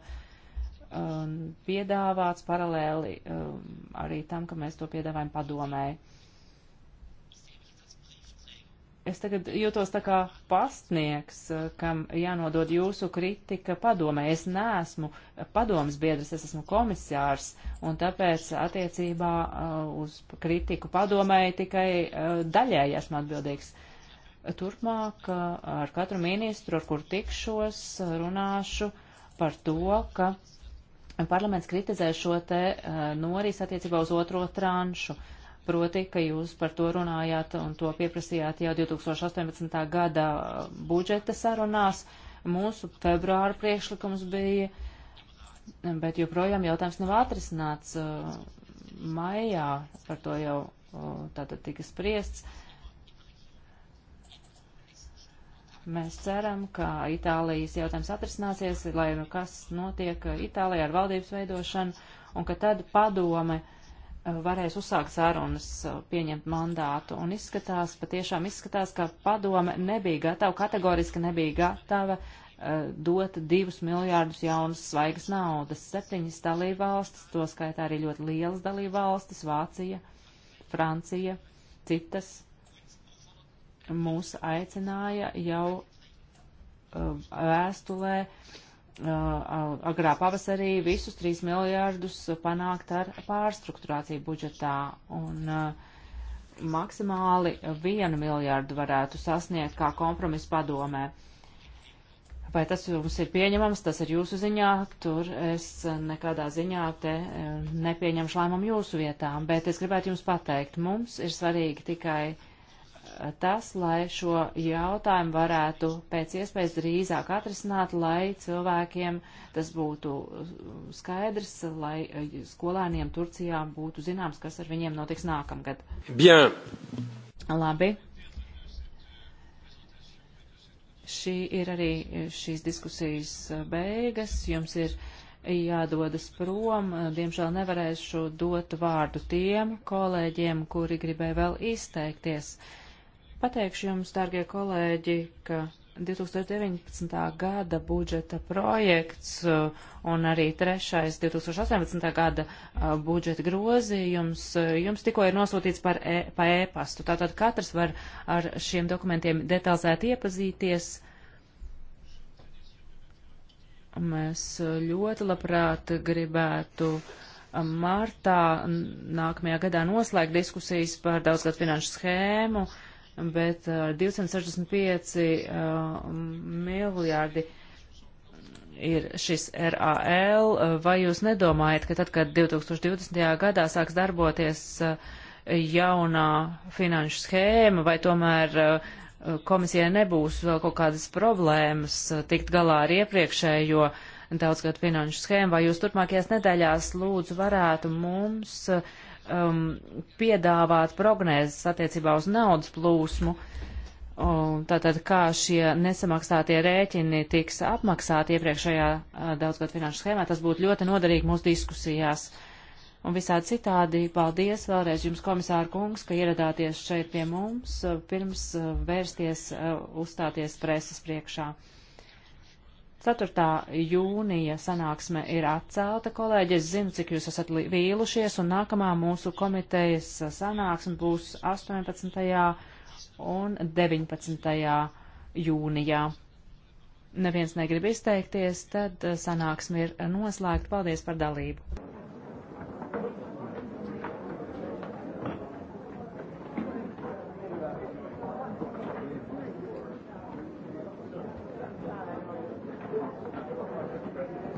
um, piedāvāts paralēli um, arī tam, ka mēs to piedāvājam padomēji. Es tagad jūtos tā kā pastnieks, uh, kam jānodod jūsu kritika padomē. Es neesmu padomas biedrs, es esmu komisārs, un tāpēc attiecībā uh, uz kritiku padomē tikai daļēji esmu atbildīgs. Uh, turpmāk ar katru ministru, ar kur tikšos, runāšu par to, ka parlaments kritizē šo te eh, norīs attiecībā uz otro tranšu. Proti, ka jūs par to runājāt un to pieprasījāt jau 2018. gada budžeta sarunās. Mūsu februāra priekšlikums bija, bet joprojām jautājums nav atrisināts. Eh, maijā par to jau eh, tātad tika spriests Mēs ceram, ka Itālijas jautājums atrisināsies, lai nu kas notiek Itālijā ar valdības veidošanu, un ka tad padome e, varēs uzsākt sarunas, e, pieņemt mandātu. Un izskatās, patiešām izskatās, ka padome nebija gatava, kategoriski nebija gatava e, dot divus miljārdus jaunas svaigas naudas. Septiņas dalībvalstis, to skaitā arī ļoti lielas dalībvalstis - Vācija, Francija, citas mūs aicināja jau um, uh, vēstulē uh, agrā pavasarī visus 3 miljārdus panākt ar pārstruktūrāciju budžetā. Un uh, maksimāli 1 miljārdu varētu sasniegt kā kompromisu padomē. Vai tas jums ir pieņemams, tas ir jūsu ziņā, tur es nekādā ziņā te uh, nepieņemšu lēmumu jūsu vietām, bet es gribētu jums pateikt, mums ir svarīgi tikai uh, tas, lai šo jautājumu varētu pēc iespējas drīzāk atrisināt, lai cilvēkiem tas būtu skaidrs, lai eh, skolēniem Turcijā būtu zināms, kas ar viņiem notiks nākamgad. Bien. Labi. Šī ir arī šīs diskusijas beigas. Jums ir jādodas prom. Diemžēl nevarēšu dot vārdu tiem kolēģiem, kuri gribēja vēl izteikties. Uh, Pateikšu jums, dārgie kolēģi, ka 2019. gada budžeta projekts uh, un arī trešais 2018. gada uh, budžeta grozījums uh, jums tikko ir nosūtīts par e, pa e-pastu. Tātad katrs var ar šiem dokumentiem detalizēti iepazīties. Mēs ļoti labprāt gribētu martā nākamajā gadā noslēgt diskusijas par daudzgad finanšu schēmu. Uh, bet 265 uh, uh, miljārdi ir šis RAL. Uh, vai jūs nedomājat, ka tad, kad 2020. gadā sāks darboties jaunā finanšu schēma, vai tomēr komisijai nebūs vēl kaut kādas problēmas tikt galā ar iepriekšējo daudzgad finanšu schēmu, vai jūs turpmākajās nedēļās lūdzu varētu mums uh, um, piedāvāt prognēzes attiecībā uz naudas plūsmu. Um, tātad, kā šie nesamaksātie rēķini tiks apmaksāti iepriekšējā uh, daudzgad finanšu schēmā, tas būtu ļoti noderīgi mūsu diskusijās. Un visādi citādi, paldies vēlreiz jums, komisāra kungs, ka ieradāties šeit pie mums, uh, pirms uh, vērsties, uh, uzstāties preses priekšā. 4. jūnija sanāksme ir atcelta, kolēģi, es zinu, cik jūs esat vīlušies, un nākamā mūsu komitejas sanāksme būs 18. un 19. jūnijā. Neviens negrib izteikties, tad sanāksme ir noslēgta. Paldies par dalību!